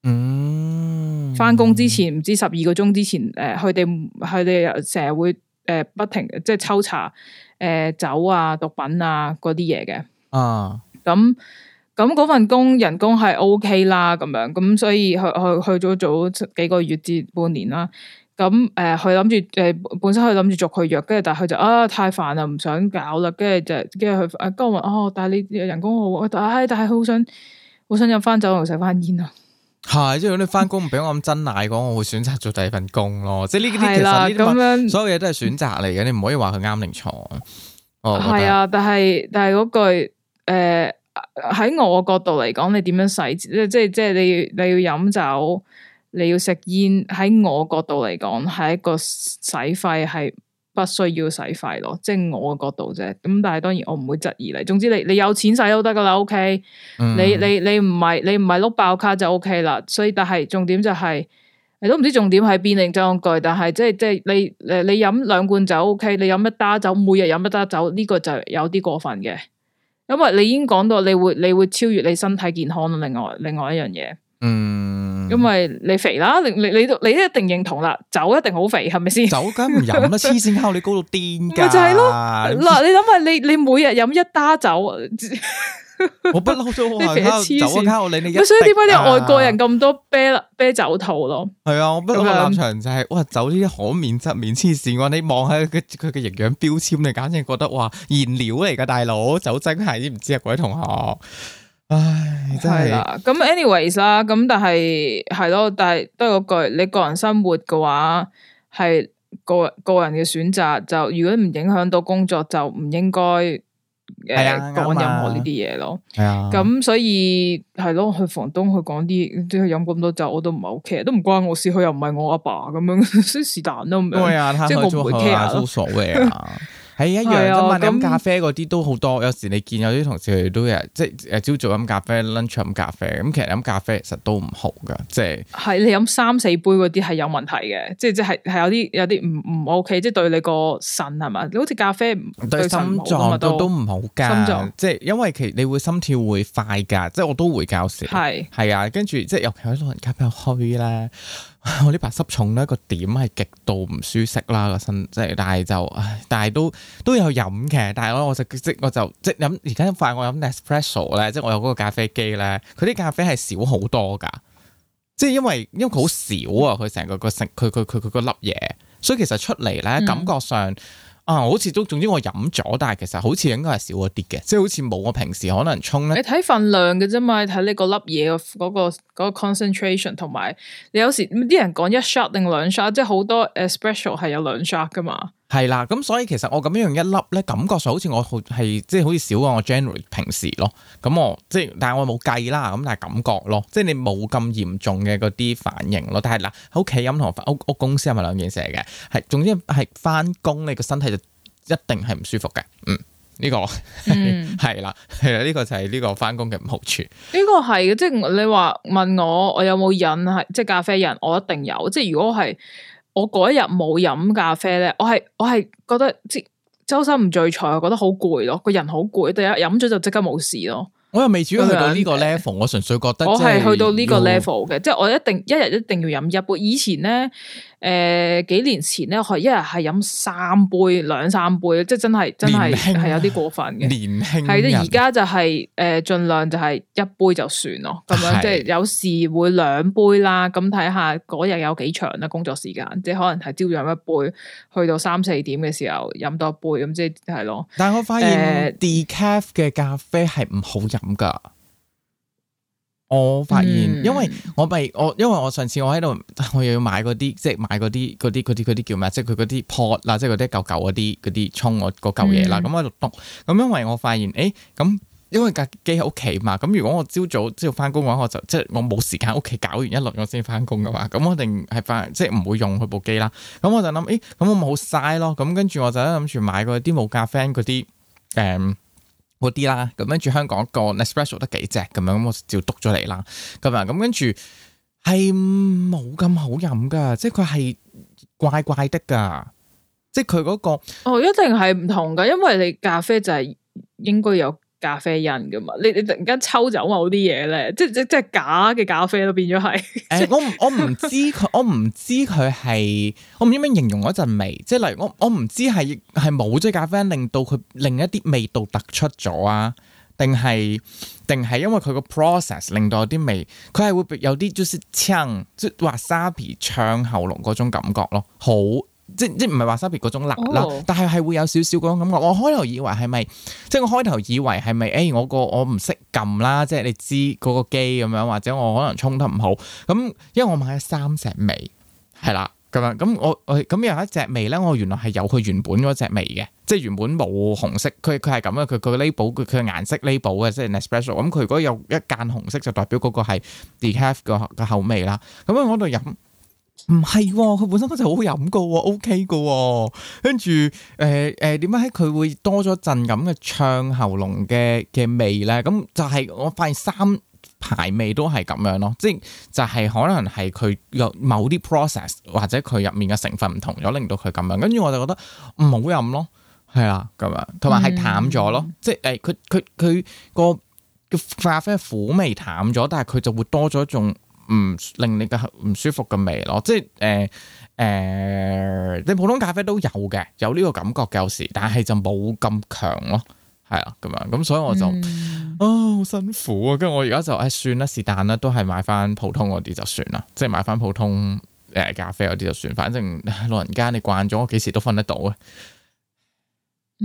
嗯，翻工之前唔知十二個鐘之前，誒、嗯，佢哋佢哋成日會。誒、呃，不停即係抽查誒酒啊、毒品啊嗰啲嘢嘅，啊，咁咁嗰份工人工係 OK 啦，咁樣，咁所以去去去咗做幾個月至半年啦，咁誒，佢諗住誒本身佢諗住續佢約，跟住但係佢就啊太煩啦，唔想搞啦，跟住就跟住佢阿哥話哦，但係你人工好，但係但係好想好想飲翻酒同食翻煙啊。係，即係、啊、如果你翻工唔俾我咁真奶講，我會選擇做第二份工咯。即係呢啲其實呢份這樣 所有嘢都係選擇嚟嘅，你唔可以話佢啱定錯。哦、oh,，係啊，但係但係嗰句，誒、呃、喺我角度嚟講，你點樣使？即係即係你你要飲酒，你要食煙，喺我角度嚟講係一個使費係。不需要使費囉，即係我嘅角度啫。咁但係當然我唔會質疑你。總之你你有錢使都得㗎啦。O、okay? K，、嗯、你你你唔係你唔係碌爆卡就 O K 啦。所以但係重點就係、是、都唔知重點係邊令張句。但係即係即係你誒，你飲兩罐酒 O K，你飲一打酒，每日飲一打酒呢、這個就有啲過分嘅，因為你已經講到你會你會超越你身體健康。另外另外一樣嘢。嗯，咁咪你肥啦，你你你你一定認同啦，酒一定好肥，係咪先？酒梗唔飲啦，黐線， *laughs* 敲你高到癲架，咪就係咯。嗱，你諗下，你你每日飲一打酒，我不嬲都話黐線，敲 *laughs* 你子你。所以點解啲外國人咁多啤啤酒肚咯？係、嗯、啊，我不嬲個立場就係、是，哇，酒呢啲可免則免黐線。哇，你望下佢佢嘅營養標籤，你簡直覺得哇，燃料嚟噶大佬，酒精係知唔知啊？各位同學。唉，真係啦。咁 anyways 啦，咁但係係咯，但係都係嗰句，你個人生活嘅話係個個人嘅選擇。就如果唔影響到工作，就唔應該誒講任何呢啲嘢咯。咁、啊啊啊、所以係咯，去房東去講啲，即係飲咁多酒，我不不都唔係 ok，都唔關我事。佢又唔係我阿爸咁樣，是但都咯。對啊，即係我唔會 care 咯。係一樣啫嘛，飲咖啡嗰啲都好多。有時你見有啲同事佢哋都日即係朝早飲咖啡，lunch 飲咖啡咁。其實飲咖啡其實都唔好噶，即係。係你飲三四杯嗰啲係有問題嘅，即即係係有啲有啲唔唔 OK，即係對你個腎係嘛？你好似咖啡對心臟都都唔好噶，心臟，即係因為其實你會心跳會快噶，即係我都會噶有時。係係啊，跟住即係尤其喺老人家比較虛啦。 *laughs* 我啲白濕重咧個點係極度唔舒適啦個身，即係但係就，唉但係都都有飲嘅。但係我我就，我就即，我 resso，即我就即飲而家快我飲 Nespresso 咧，即係我有嗰個咖啡機咧，佢啲咖啡係少好多㗎，即係因為因為佢好少啊，佢成個個成佢佢佢佢個粒嘢，所以其實出嚟咧感覺上。嗯啊！好似都，總之我飲咗，但係其實好似應該係少咗啲嘅，即係好似冇我平時可能沖咧。你睇份量嘅啫嘛，你睇呢個粒嘢個嗰個 concentration，同埋你有時啲人講一 shot 定兩 shot，即係好多 espresso 係有兩 shot 噶嘛。係啦，咁所以其實我咁樣用一粒咧，感覺上好似我係即係好似少過我 general 平時咯。咁我即係，但係我冇計啦。咁但係感覺咯，即係你冇咁嚴重嘅嗰啲反應咯。但係嗱，喺屋企飲同屋屋公司係咪兩件事嚟嘅？係，總之係翻工你個身體就一定係唔舒服嘅。嗯，呢、這個係啦，其實呢個就係呢個翻工嘅唔好處。呢個係即係你話問我我有冇飲係即係咖啡人，我一定有。即係如果係。我嗰一日冇飲咖啡咧，我係我係覺得即周身唔聚財，我覺得好攰咯，個人好攰，第一飲咗就即刻冇事咯。我又未至於去到呢個 level，以我純粹覺得、就是、我係去到呢個 level 嘅，要即係我一定一日一定要飲一杯。以前咧。誒、呃、幾年前咧，我一日係飲三杯兩三杯，即係真係真係係有啲過分嘅。年輕係即而家就係、是、誒，儘、呃、量就係一杯就算咯。咁樣是即係有時會兩杯啦，咁睇下嗰日有幾長啦，工作時間，即係可能係朝早一杯，去到三四點嘅時候飲多一杯，咁即係咯。但係我發現、呃、Decaf 嘅咖啡係唔好飲㗎。我發現，因為我咪我，因為我上次我喺度，我又要買嗰啲，即係買嗰啲嗰啲嗰啲嗰啲叫咩？即係佢嗰啲 pot 啦，即係嗰啲舊舊嗰啲嗰啲沖我嗰舊嘢啦。咁喺度篤，咁因為我發現，誒，咁因為架機喺屋企嘛。咁如果我朝早即要翻工嘅話，我就即係我冇時間屋企搞完一輪，我先翻工嘅話，咁我一定係翻即係唔會用佢部機啦。咁我就諗，誒，咁我好嘥咯。咁跟住我就諗住買嗰啲冇咖啡因嗰啲，誒、嗯。嗰啲啦，咁跟住香港 esp 個 Espresso 得幾隻咁樣，我照篤咗嚟啦，咁啊，咁跟住係冇咁好飲噶，即係佢係怪怪的噶，即係佢嗰個哦，一定係唔同噶，因為你咖啡就係、是、應該有。咖啡因噶嘛？你你突然間抽走某啲嘢咧，即係即係假嘅咖啡都變咗係。誒、呃， *laughs* 我我唔知佢，我唔知佢係，我唔知點樣形容嗰陣味。即係例如我我唔知係係冇咗咖啡因，令到佢另一啲味道突出咗啊？定係定係因為佢個 process 令到有啲味，佢係會有啲就是嗆，即係話沙皮嗆喉嚨嗰種感覺咯，好。即即唔係話特別嗰種辣啦，oh。但係係會有少少嗰種感覺。我開頭以為係咪即係我開頭以為係咪？誒、欸，我個我唔識撳啦，即係你知嗰個機咁樣，或者我可能沖得唔好。咁因為我買咗三隻味，係啦咁樣。咁我咁有一隻味咧，我原來係有佢原本嗰隻味嘅，即係原本冇紅色。佢佢係咁啊，佢佢 label 佢佢顏色 label 嘅，即係 Nespresso。咁佢如果有一間紅色，就代表嗰個係 decaf 嘅口味啦。咁我度飲。唔係，佢、哦、本身就好好飲噶，OK 噶、哦。跟住，誒、呃、誒，點解佢會多咗陣咁嘅嗆喉嚨嘅嘅味咧？咁就係、是、我發現三排味都係咁樣咯，即係就係可能係佢有某啲 process 或者佢入面嘅成分唔同咗，令到佢咁樣。跟住我就覺得唔好飲咯，係啊，咁樣，同埋係淡咗咯，嗯、即係誒，佢佢佢個個咖啡苦味淡咗，但係佢就會多咗一種。唔令你嘅唔舒服嘅味咯，即係誒誒，你、呃呃、普通咖啡都有嘅，有呢個感覺嘅有時，但係就冇咁強咯，係啊，咁樣，咁所以我就、嗯、哦，好辛苦啊，跟住我而家就誒、哎、算啦，是但啦，都係買翻普通嗰啲就算啦，即係買翻普通誒、呃、咖啡嗰啲就算，反正老人家你慣咗，我幾時都瞓得到啊！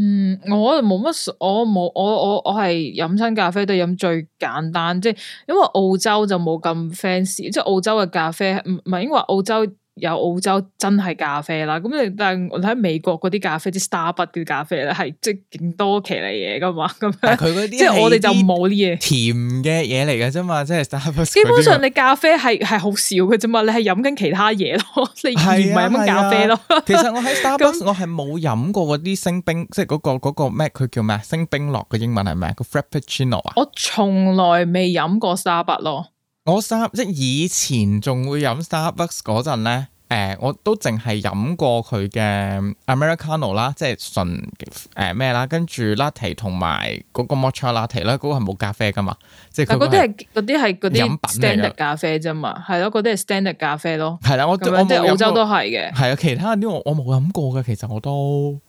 嗯，我就冇乜，我冇，我我我係飲親咖啡都飲最簡單，即係因為澳洲就冇咁 fancy，即係澳洲嘅咖啡唔唔係因為澳洲。有澳洲真係咖啡啦，咁但係我睇美國嗰啲咖啡，啲 Starbucks 嘅咖啡咧，係即係勁多其他嘢噶嘛，咁樣。佢嗰啲即係我哋就冇啲嘢甜嘅嘢嚟嘅啫嘛，即係 Starbucks。基本上你咖啡係係好少嘅啫嘛，你係飲緊其他嘢咯，你唔係飲咖啡咯。其實我喺 Starbucks 我係冇飲過嗰啲星冰，即係嗰個、 *laughs* 嗰個咩？佢、嗰個、叫咩？星冰樂嘅英文係咩？係咪個 Frappuccino 啊？我從來未飲過，過 Starbucks 咯。我即係以前仲會飲 Starbucks 嗰陣咧，誒、呃，我都淨係飲過佢嘅 Americano 啦，即係純誒咩啦，跟住 Latte 同埋嗰個 Mocha Latte 啦，嗰個係冇咖啡㗎嘛，即係嗰啲係嗰啲係嗰啲飲 standard 咖啡啫嘛，係咯，嗰啲係 standard 咖啡咯。係啦，我樣我我澳洲都係嘅。係啊，其他啲我冇飲過嘅，其實我都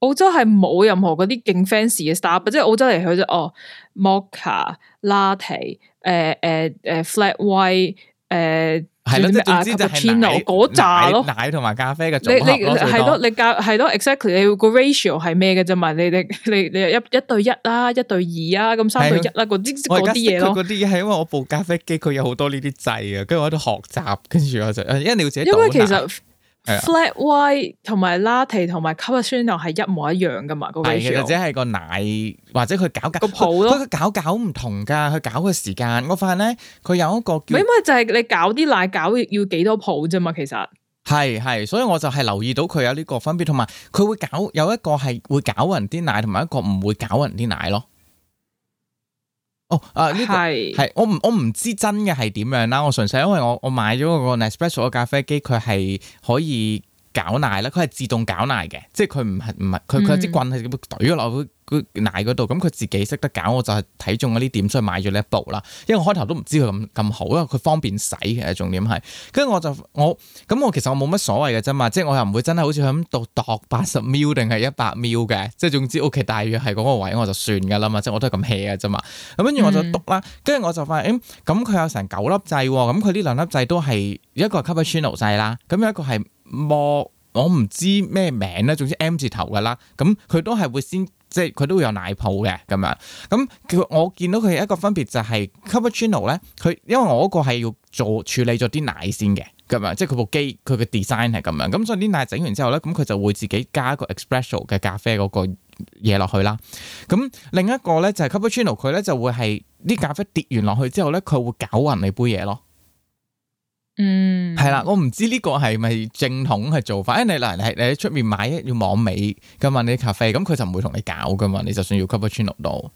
澳洲係冇任何嗰啲勁 fancy 嘅 Starbucks 即係澳洲嚟，佢啫。哦，Mocha Latte。誒誒誒，flat white，誒，係咯，啊、總之就 channel 係奶嗰扎咯，奶同埋咖啡嘅組合，你係咯，你加係咯，exactly，你個 ratio 係咩嘅啫嘛？你你你你一一對一啦、啊，一對二啊，咁三對一啦、啊，嗰啲啲嘢咯。嗰啲嘢，係因為我部咖啡機佢有好多呢啲掣啊，跟住我喺度學習，跟住我就誒，因為自因為其實。哎、Flat White 同埋 Latte 同埋 Cappuccino 係一模一樣噶嘛？係其實只係個奶或者佢搞攪攪佢搞搞唔同噶，佢搞嘅時間。我發現咧，佢有一個唔係就係你搞啲奶搞要，要幾多泡啫嘛？其實係係，所以我就係留意到佢有呢個分別，同埋佢會搞，有一個係會攪勻啲奶，同埋一個唔會攪勻啲奶咯。哦，啊呢、這個係是我唔我唔知真嘅係點樣啦，我純粹因為我我買咗嗰個 Nespresso 嘅咖啡機，佢係可以攪奶咧，佢係自動攪奶嘅，即係佢唔係唔係佢佢有支棍係咁懟落去。嗯奶嗰度，咁佢自己識得搞，我就係睇中咗呢點，所以買咗呢一部啦。因為我開頭都唔知佢咁咁好，因為佢方便洗嘅重點係，跟住我就我咁我其實我冇乜所謂嘅啫嘛，即係我又唔會真係好似喺度度八十秒定係一百秒嘅，即係總之屋企大約係嗰個位我就算噶啦嘛，即係我都係咁 hea 嘅啫嘛。咁跟住我就讀啦，跟住我就發現，咁佢有成九粒掣喎，咁佢呢兩粒掣都係一個係 cappuccino 掣啦，咁有一個係莫，我唔知咩名咧，總之 M 字頭嘅啦，咁佢都係會先。即係佢都會有奶泡嘅咁樣，咁、嗯、佢我見到佢一個分別就係 Cappuccino 咧，佢因為我嗰個係要做處理咗啲奶先嘅咁樣，即係佢部機佢嘅 design 係咁樣，咁、嗯、所以啲奶整完之後咧，咁佢就會自己加一個 Espresso 嘅咖啡嗰個嘢落去啦。咁另一個咧就係、是、Cappuccino 佢咧就會係啲咖啡跌完落去之後咧，佢會攪勻你杯嘢咯。嗯，係啦，我唔知呢個係咪正統嘅做法，因為嗱，你你喺出面買要網尾噶嘛，啲咖啡，咁佢就唔會同你搞噶嘛，你就算要 cover 穿落到，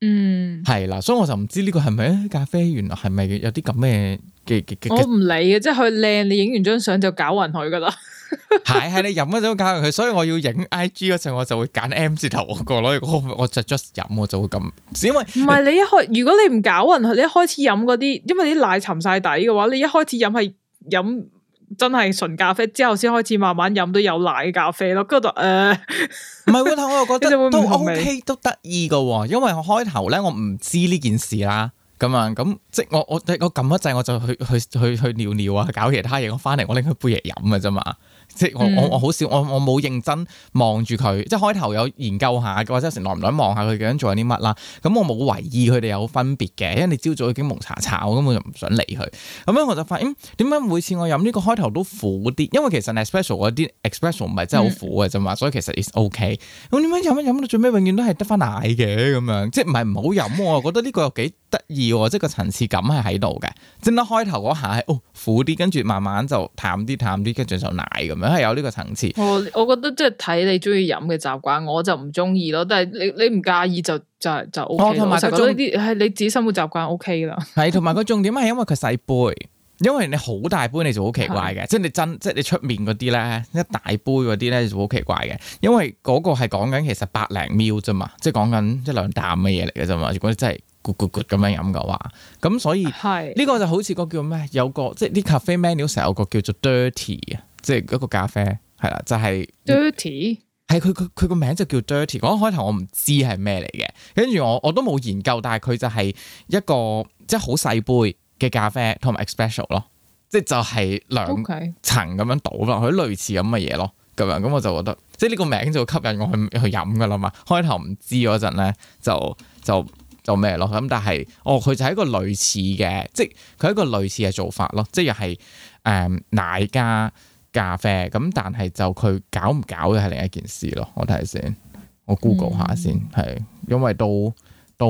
嗯，係啦，所以我就唔知呢個係咪咖啡原來係咪有啲咁咩嘅嘅，我唔理嘅，即係佢靚，你影完張相就搞勻佢噶啦。 *laughs* 係 *laughs* 係 *laughs* 你飲咗酒搞佢，所以我要影 I G 嗰陣，我就會揀 M 字頭嗰個咯。我就 just 飲我就會咁，因為唔係你一開如果你唔搞匀，你一開始飲嗰啲，因為啲奶沉曬底嘅話，你一開始飲係飲真係純咖啡之後，先開始慢慢飲到有奶咖啡咯。跟住就誒，唔係開頭我又覺得都 OK 都得意噶，因為我開頭咧我唔知呢件事啦，咁啊咁即我我我撳一制我就去去去去尿尿啊，搞其他嘢。我翻嚟我拎佢杯嘢飲嘅啫嘛。即我我，我好少我我冇認真望住佢，即係開頭有研究下，或者成耐唔耐望下佢究竟做緊啲乜啦。咁我冇懷疑佢哋有分別嘅，因為你朝早已經蒙查查，我根本就唔想理佢。咁樣我就發現點解每次我飲呢個開頭都苦啲，因為其實 espresso 嗰啲 espresso 唔係真係好苦嘅啫嘛，所以其實 it's ok。咁點樣飲一飲到最尾永遠都係得翻奶嘅咁樣？即係唔係唔好飲？我覺得呢個又幾得意喎，即係個層次感係喺度嘅。即係開頭嗰下係哦苦啲，跟住慢慢就淡啲淡啲，跟住就奶咁樣。係有呢個層次。我、哦、我覺得即係睇你中意飲嘅習慣，我就唔中意咯。但係你你唔介意就就就 O、OK、K。同埋、哦、覺得呢啲係你自己生活習慣 O K 啦。係，同埋個重點係因為佢細杯， *laughs* 因為你好大杯你就好奇怪嘅是，即係你真即係你出面嗰啲咧，一大杯嗰啲咧就好奇怪嘅。因為嗰個係講緊其實百零 ml 啫嘛，即係講緊一兩啖嘅嘢嚟嘅啫嘛。如果你真係咕咕咕咁樣飲嘅話，咁所以係呢是個就好似個叫咩？有個即係啲咖啡 menu 成日有個叫做 dirty 啊。即係一個咖啡，係啦，就係 dirty，係佢佢佢個名就叫 dirty。我一開頭我唔知係咩嚟嘅，跟住我我都冇研究，但係佢就係一個即係好細杯嘅咖啡，同埋 especial 咯，即係就係兩層咁樣倒咯，佢 Okay. 類似咁嘅嘢咯，咁樣咁我就覺得，即係呢個名就會吸引我去、嗯、去飲噶啦嘛。開頭唔知嗰陣咧，就就就咩咯咁，但係哦，佢就係一個類似嘅，即係佢係一個類似嘅做法咯，即係又係誒、嗯、奶加。咖啡咁，但係就佢搞唔搞又係另一件事咯。我睇下先，我 Google 下先。係，因為到到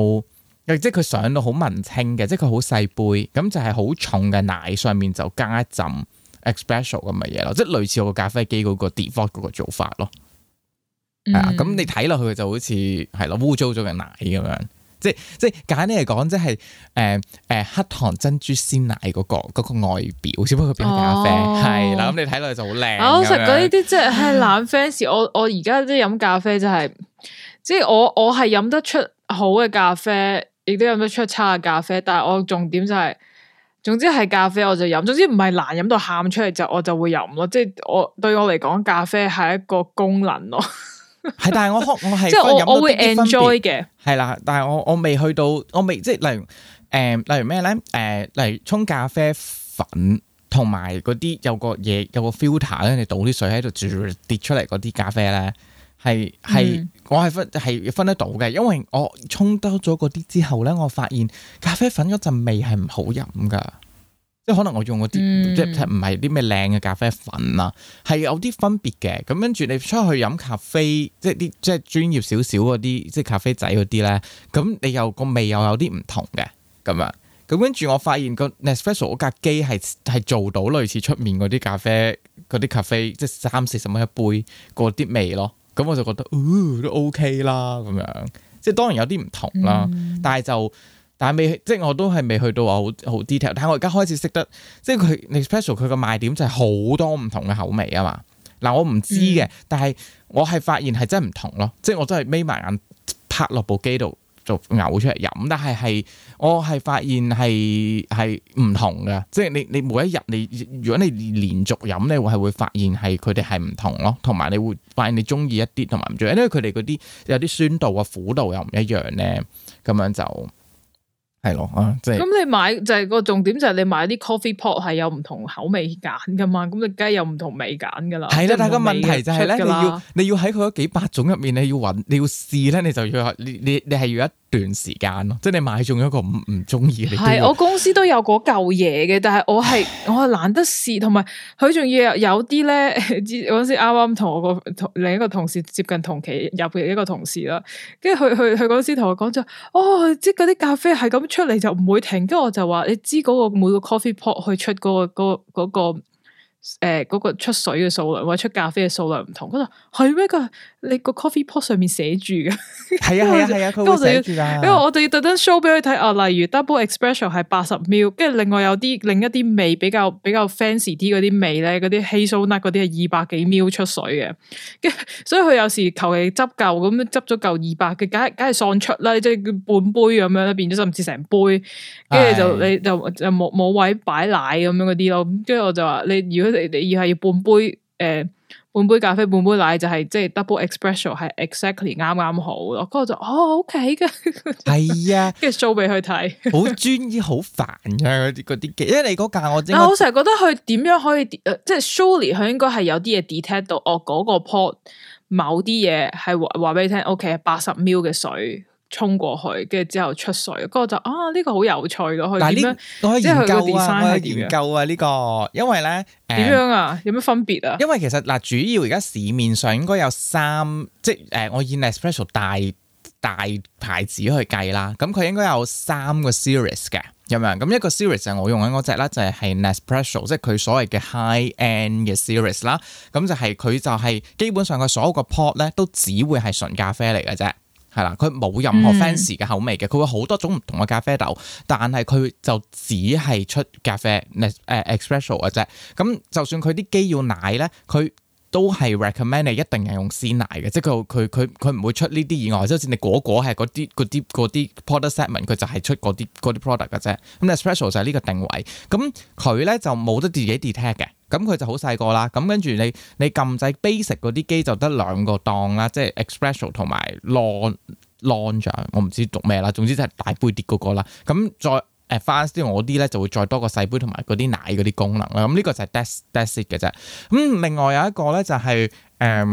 即係佢上到好文青嘅，即係佢好細杯，咁就係好重嘅奶上面就加一浸 special 咁嘅嘢咯，即係類似我嘅咖啡機嗰個 default 嗰個做法咯。係啊、嗯，咁你睇落去就好似係咯污糟咗嘅奶咁樣。即即簡單嚟講，即係誒誒黑糖珍珠鮮奶嗰個嗰個外表，只不過佢變咖啡係啦。咁你睇落去就好靚。我好食嗰啲即係懶 fancy。我 ancy,、嗯、我而家啲飲咖啡就係、是、即我我係飲得出好嘅咖啡，亦都飲得出差嘅咖啡。但係我重點就係、是，總之係咖啡我就飲。總之唔係難飲到喊出嚟就我就會飲咯。即我對我嚟講，咖啡係一個功能咯。 *laughs* 係， *laughs* 但係我喝我係即係我會 enjoy 嘅係啦，但係我我未去到，我未即係例如誒，例如咩咧？誒、呃，例如沖、呃、咖啡粉同埋嗰啲有個嘢有個 filter 咧，你倒啲水喺度，住、呃、跌出嚟嗰啲咖啡咧，係係我係分係、嗯、分得到嘅，因為我沖多咗嗰啲之後咧，我發現咖啡粉嗰陣味係唔好飲噶。即係可能我用嗰啲，嗯，即係唔係啲咩靚嘅咖啡粉啊，係有啲分別嘅。咁跟住你出去飲咖啡，即係啲即係專業少少嗰啲即係咖啡仔嗰啲咧，咁你又個味又有啲唔同嘅咁樣。咁跟住我發現個 Nespresso 架機係係做到類似出面嗰啲咖啡嗰啲咖啡，即係三四十蚊一杯嗰啲味咯。咁我就覺得哦都 OK 啦咁樣。即係當然有啲唔同啦，嗯、但係就。但係未，即係我都係未去到話好好 detail。但係我而家開始識得，即係佢 special 佢個賣點就係好多唔同嘅口味啊嘛。嗱，我唔知嘅、嗯，但係我係發現係真係唔同咯。即係我真係眯埋眼拍落部機度就嘔出嚟飲，但係係我係發現係係唔同嘅。即係你你每一日你如果你連續飲咧，你會係會發現係佢哋係唔同咯。同埋你會發現你中意一啲同埋唔中意，因為佢哋嗰啲有啲酸度啊，苦度又唔一樣咧，咁樣就。係咯，啊，即係。咁你買就係個重點就係你買啲 coffee pot 係有唔同口味揀噶嘛，咁你梗係有唔同味揀噶啦。係啦、嗯，但係個問題就係咧，你要你要喺佢嗰幾百種入面，你要揾你要試咧，你就要你你你係要一段時間咯，即係你買仲有一個唔唔中意嘅。係我公司都有嗰嚿嘢嘅，但係我係我係懶得試，同埋佢仲要有啲咧。嗰 *laughs* 時啱啱同我個同另一個同事接近同期入嘅一個同事啦，跟住佢佢佢嗰時同我講就哦，即係嗰啲咖啡係咁出嚟就唔會停，跟住我就話你知嗰個每個 coffee pot 去出嗰、嗰個嗰嗰、嗰個誒、嗰個呃嗰個出水嘅數量或者出咖啡嘅數量唔同，佢就係咩噶？你個 coffee pot 上面寫住嘅，係啊係啊，啊 *laughs* 我就要，因為我哋要特登 show 俾佢睇啊。例如 double espresso 係八十 ml，跟住另外有啲另一啲味比較比較 fancy 啲嗰啲味咧，嗰啲 Hazelnut 嗰啲係二百幾 ml 出水嘅。跟所以佢有時求其執夠咁執咗夠二百，佢梗係梗係喪出啦。即係半杯咁樣，變咗甚至成杯。跟住就你就就冇冇位擺奶咁樣嗰啲咯。跟住我，我就話你，如果你你要係要半杯誒。呃半杯咖啡半杯奶就係、是、即係 double expression 係 exactly 啱啱好咯，咁我就哦 OK 嘅，係 *laughs* 啊，跟住 show 俾佢睇，好專業好煩嘅嗰啲嗰啲機，因為你嗰架我整、啊，但我成日覺得佢點樣可以，呃、即係 surely 佢應該係有啲嘢 detect 到哦，嗰、那個 pot 某啲嘢係話話俾你聽，OK，八十 ml 嘅水。沖過去，跟住之後出水，嗰、啊這個就啊呢個好有趣咯！可以點樣即係佢個 design，可以研究啊呢個，因為咧點樣啊有咩分別啊？嗯、因為其實嗱、呃，主要而家市面上應該有三即係誒、呃，我以 Nespresso 大大，大牌子去計啦，咁佢應該有三個 series 嘅，咁樣咁一個 series 就係我用緊嗰隻啦，就係、是、係 Nespresso，即係佢所謂嘅 high end 嘅 series 啦、啊，咁、嗯、就係、是、佢就係基本上佢所有個 pod 咧，都只會係純咖啡嚟嘅啫。係啦，佢冇任何 fancy 嘅口味嘅，佢會好多種唔同嘅咖啡豆，但係佢就只係出咖啡誒 espresso 嘅啫。咁、呃、就算佢啲機要奶咧，佢都係 recommend 你一定係用鮮奶嘅，即係佢佢佢佢唔會出呢啲意外，即好似你果果係嗰啲嗰啲啲 product segment，佢就係出啲啲 product 嘅啫。咁 espresso 就係呢個定位，咁佢咧就冇得自己 detect 嘅。咁佢就好細個啦，咁跟住你你撳掣 basic 嗰啲機就得兩個檔啦，即係 espresso 同埋 long，long 咗，我唔知讀咩啦，總之就係大杯碟嗰個啦。咁再 fancy 我啲咧就會再多個細杯同埋嗰啲奶嗰啲功能啦。咁、這、呢個就係 Desk Desk 嘅啫。咁、嗯、另外有一個咧就係、是、誒、呃、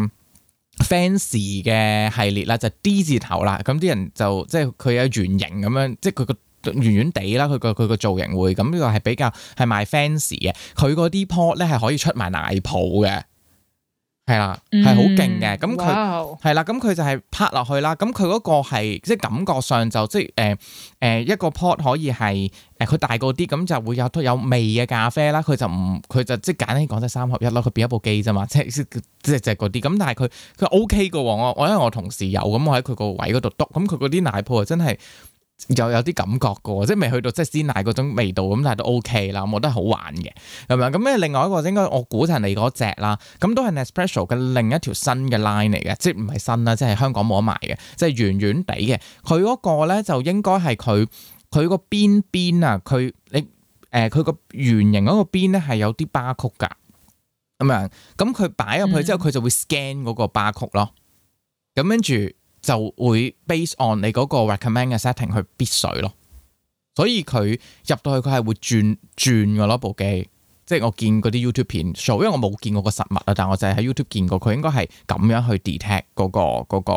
fancy 嘅系列啦，就係、D 字頭啦。咁啲人就即係佢有圓形咁樣，即係佢個。圓圓地啦，佢個佢個造型會咁，呢個係比較係賣 fancy 嘅，佢嗰啲 pod 咧係可以出埋奶泡嘅。係啦，係好勁嘅。咁佢係啦，咁佢、哦、就係拍落去啦。咁佢嗰個係即係感覺上就即係誒誒一個 pod 可以係誒佢大個啲，咁就會有有味嘅咖啡啦。佢就唔佢就即係簡單啲講，即三合一咯。佢變一部機啫嘛，即即即係嗰啲。咁但係佢佢 OK 噶，我我因為我同事有，咁我喺佢個位嗰度督，咁佢嗰啲奶泡啊真係。有有啲感覺嘅，即係未去到即係鮮奶嗰種味道咁，但係都 OK 啦，我覺得好玩嘅，係咪咁咧？另外一個應該我估就係你嗰隻啦，咁都係 Nespresso 嘅另一條新嘅 line 嚟嘅，即唔係新啦，即係香港冇得賣嘅，即係圓圓地嘅。佢嗰個咧就應該係佢佢個邊邊啊，佢你誒佢個圓形嗰個邊咧係有啲巴曲㗎，咁樣咁佢擺入去之後，佢、嗯、就會 scan 嗰個巴曲咯，咁跟住。就會 base on 你嗰個 recommend 嘅 setting 去必水咯，所以佢入到去佢係會轉轉嘅咯部機，即係我見嗰啲 YouTube 片 show，因為我冇見過個實物啊，但係我就係喺 YouTube 見過佢應該係咁樣去 detect 嗰個嗰個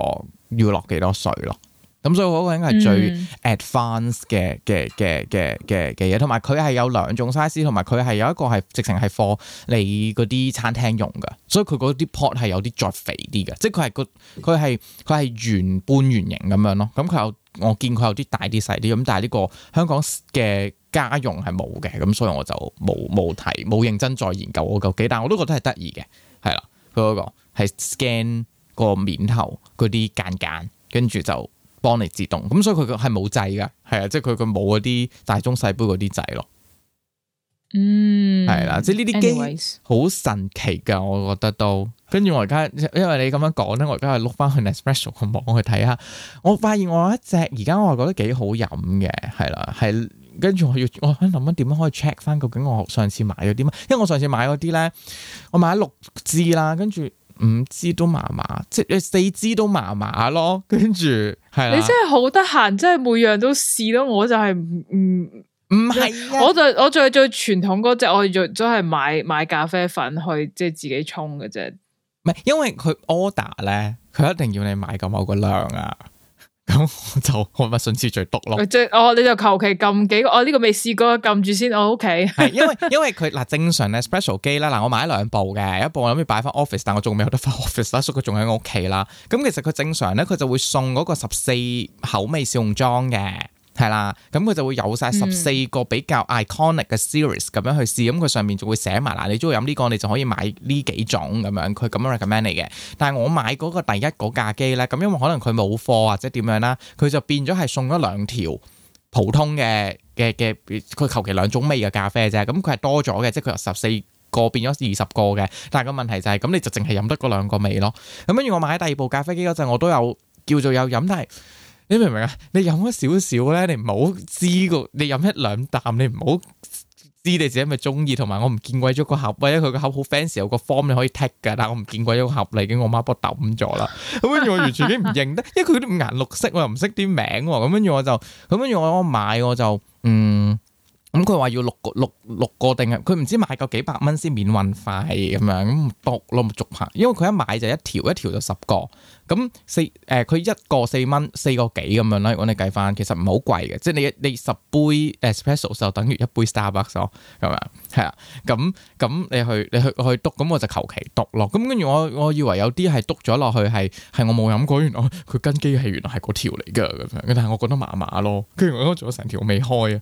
要落幾多水咯。咁所以嗰個應該係最 advance 嘅嘅嘅嘅嘅嘅嘢，同埋佢係有兩種 size，同埋佢係有一個係直情係 for 你嗰啲餐廳用嘅，所以佢嗰啲 pot 係有啲再肥啲嘅，即係佢係個佢係佢係圓半圓形咁樣咯。咁佢有我見佢有啲大啲細啲咁，但係呢個香港嘅家用係冇嘅，咁所以我就冇冇提冇認真再研究嗰嚿機，但係我都覺得係得意嘅，係啦。佢嗰個係 scan 個面頭嗰啲間間，跟住就。幫你自動咁，所以佢個係冇掣噶，係啊，即係佢佢冇嗰啲大中細杯嗰啲掣咯。嗯，係啦，即係呢啲機好神奇噶，我覺得都。跟住我而家因為你咁樣講咧，我而家係碌 o o k 翻去 Nespresso 個網去睇下，我發現我有一隻而家我覺得幾好飲嘅，係啦，係。跟住我要我喺諗緊點樣可以 check 翻究竟我上次買咗啲咩？因為我上次買嗰啲咧，我買六支啦，跟住。五支都麻麻，即係你四支都麻麻咯。跟住係啦，啊、你真係好得閒，真係每樣都試咯。我就係唔唔係，我就我就最，最傳統嗰隻，我就都係買買咖啡粉去即係自己沖嘅啫。唔係因為佢 order 咧，佢一定要你買咁某個量啊。咁 *laughs* 就我咪信次最毒咯，最 *music* 哦，你就求其撳幾個，我、哦、呢、呢個未試過，撳住先。我屋企，係、okay、 *laughs* 因為因為佢嗱正常咧，special 機啦，嗱我買咗兩部嘅，一部我諗住擺翻 office，但我仲未有得翻 office，所以佢仲喺我屋企啦。咁其實佢正常咧，佢就會送嗰個十四口味試用裝嘅。係啦，咁佢就會有晒十四個比較 iconic 嘅 series 咁樣去試，咁佢、嗯、上面就會寫埋啦，你中意飲呢個，你就可以買呢幾種咁樣，佢咁樣 recommend 你嘅。但係我買嗰個第一嗰架機咧，咁因為可能佢冇貨或者點樣啦，佢就變咗係送咗兩條普通嘅嘅嘅，佢求其兩種味嘅咖啡啫。咁佢係多咗嘅，即係佢由十四個變咗二十個嘅。但係個問題就係、是、咁，你就淨係飲得嗰兩個味咯。咁跟住我買第二部咖啡機嗰陣，我都有叫做有飲，但係。你明唔明啊？你飲一少少咧，你唔好知個，你飲一兩啖，你唔好知你自己咪中意。同埋我唔見鬼咗個盒，或者佢個盒好 fancy 有個 form 你可以 take 噶，但係我唔見鬼咗個盒嚟，已經我媽幫抌咗啦。咁跟住我完全已經唔認得，因為佢啲五顏六色，我又唔識啲名。咁跟住我就，咁跟住我買我就嗯。咁佢話要六個六六個定係佢唔知買夠幾百蚊先免運費咁樣咁督咯，咪逐行，因為佢一買就一條，一條就十個。咁四誒，佢、呃、一個四蚊，四個幾咁樣咧。如果你計翻，其實唔係好貴嘅，即係你你十杯誒 Espresso 就等於一杯 Starbucks 咯，咁樣係啊。咁咁你去你去你去督，咁我就求其督咯。咁跟住我我以為有啲係督咗落去，係係我冇飲過，原來佢根基係原來係嗰條嚟噶咁樣。但係我覺得麻麻咯，跟住我做咗成條未開啊。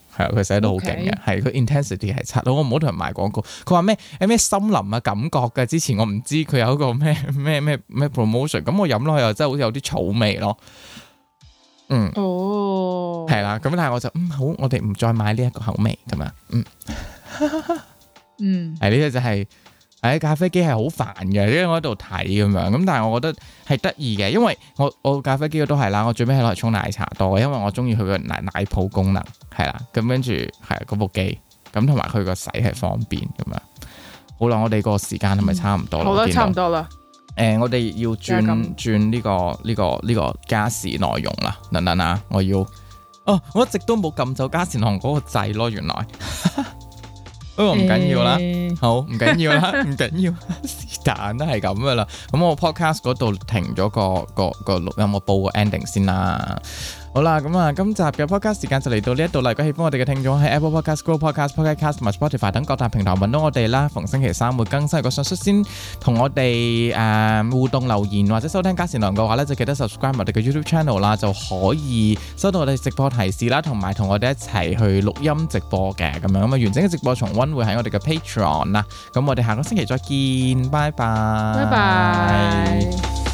係啊，佢寫到好勁嘅，係佢 intensity 係差到我唔好同人賣廣告。佢話咩咩森林啊感覺嘅，之前我唔知佢有一個咩咩咩咩 promotion，咁我飲落去又真係好似有啲草味咯。嗯，哦、oh.，係啦，咁但係我就嗯好，我哋唔再買呢一個口味，咁啊，嗯， *laughs* 嗯，係呢個就係、是。喺、哎、咖啡機係好煩嘅，因為我喺度睇咁樣，咁但係我覺得係得意嘅，因為我我咖啡機都係啦，我最尾係攞嚟沖奶茶多，因為我中意佢個奶奶泡功能，係啦，咁跟住係嗰部機，咁同埋佢個洗係方便咁樣。好啦，我哋個時間係咪差唔多？嗯、好啦，差唔多啦。誒、呃，我哋要轉轉呢個呢個呢個家事內容啦，等等啊，我要哦，我一直都冇撳走家事控嗰個掣咯，原來。 *laughs* 都不過唔緊要啦，欸、好唔緊要啦，唔緊 *laughs* 要，是但都係咁噶啦。咁我 podcast 嗰度停咗個個個錄音，我報個 ending 先啦。好啦，咁啊，今集嘅 podcast 時間就嚟到呢一度啦，如果喜歡我哋嘅聽眾，喺 Apple Podcast、Google Podcast、Podcast Plus、Spotify 等各大平台揾到我哋啦。逢星期三會更新，所以如果想率先同我哋誒互動留言或者收聽加善糧嘅話咧，就記得 subscribe 我哋嘅 YouTube Channel 啦，就可以收到我哋直播提示啦，同埋同我哋一齊去錄音直播嘅咁樣。咁啊，完整嘅直播重溫會喺我哋嘅 Patreon 啦。咁我哋下個星期再見，拜拜，拜拜。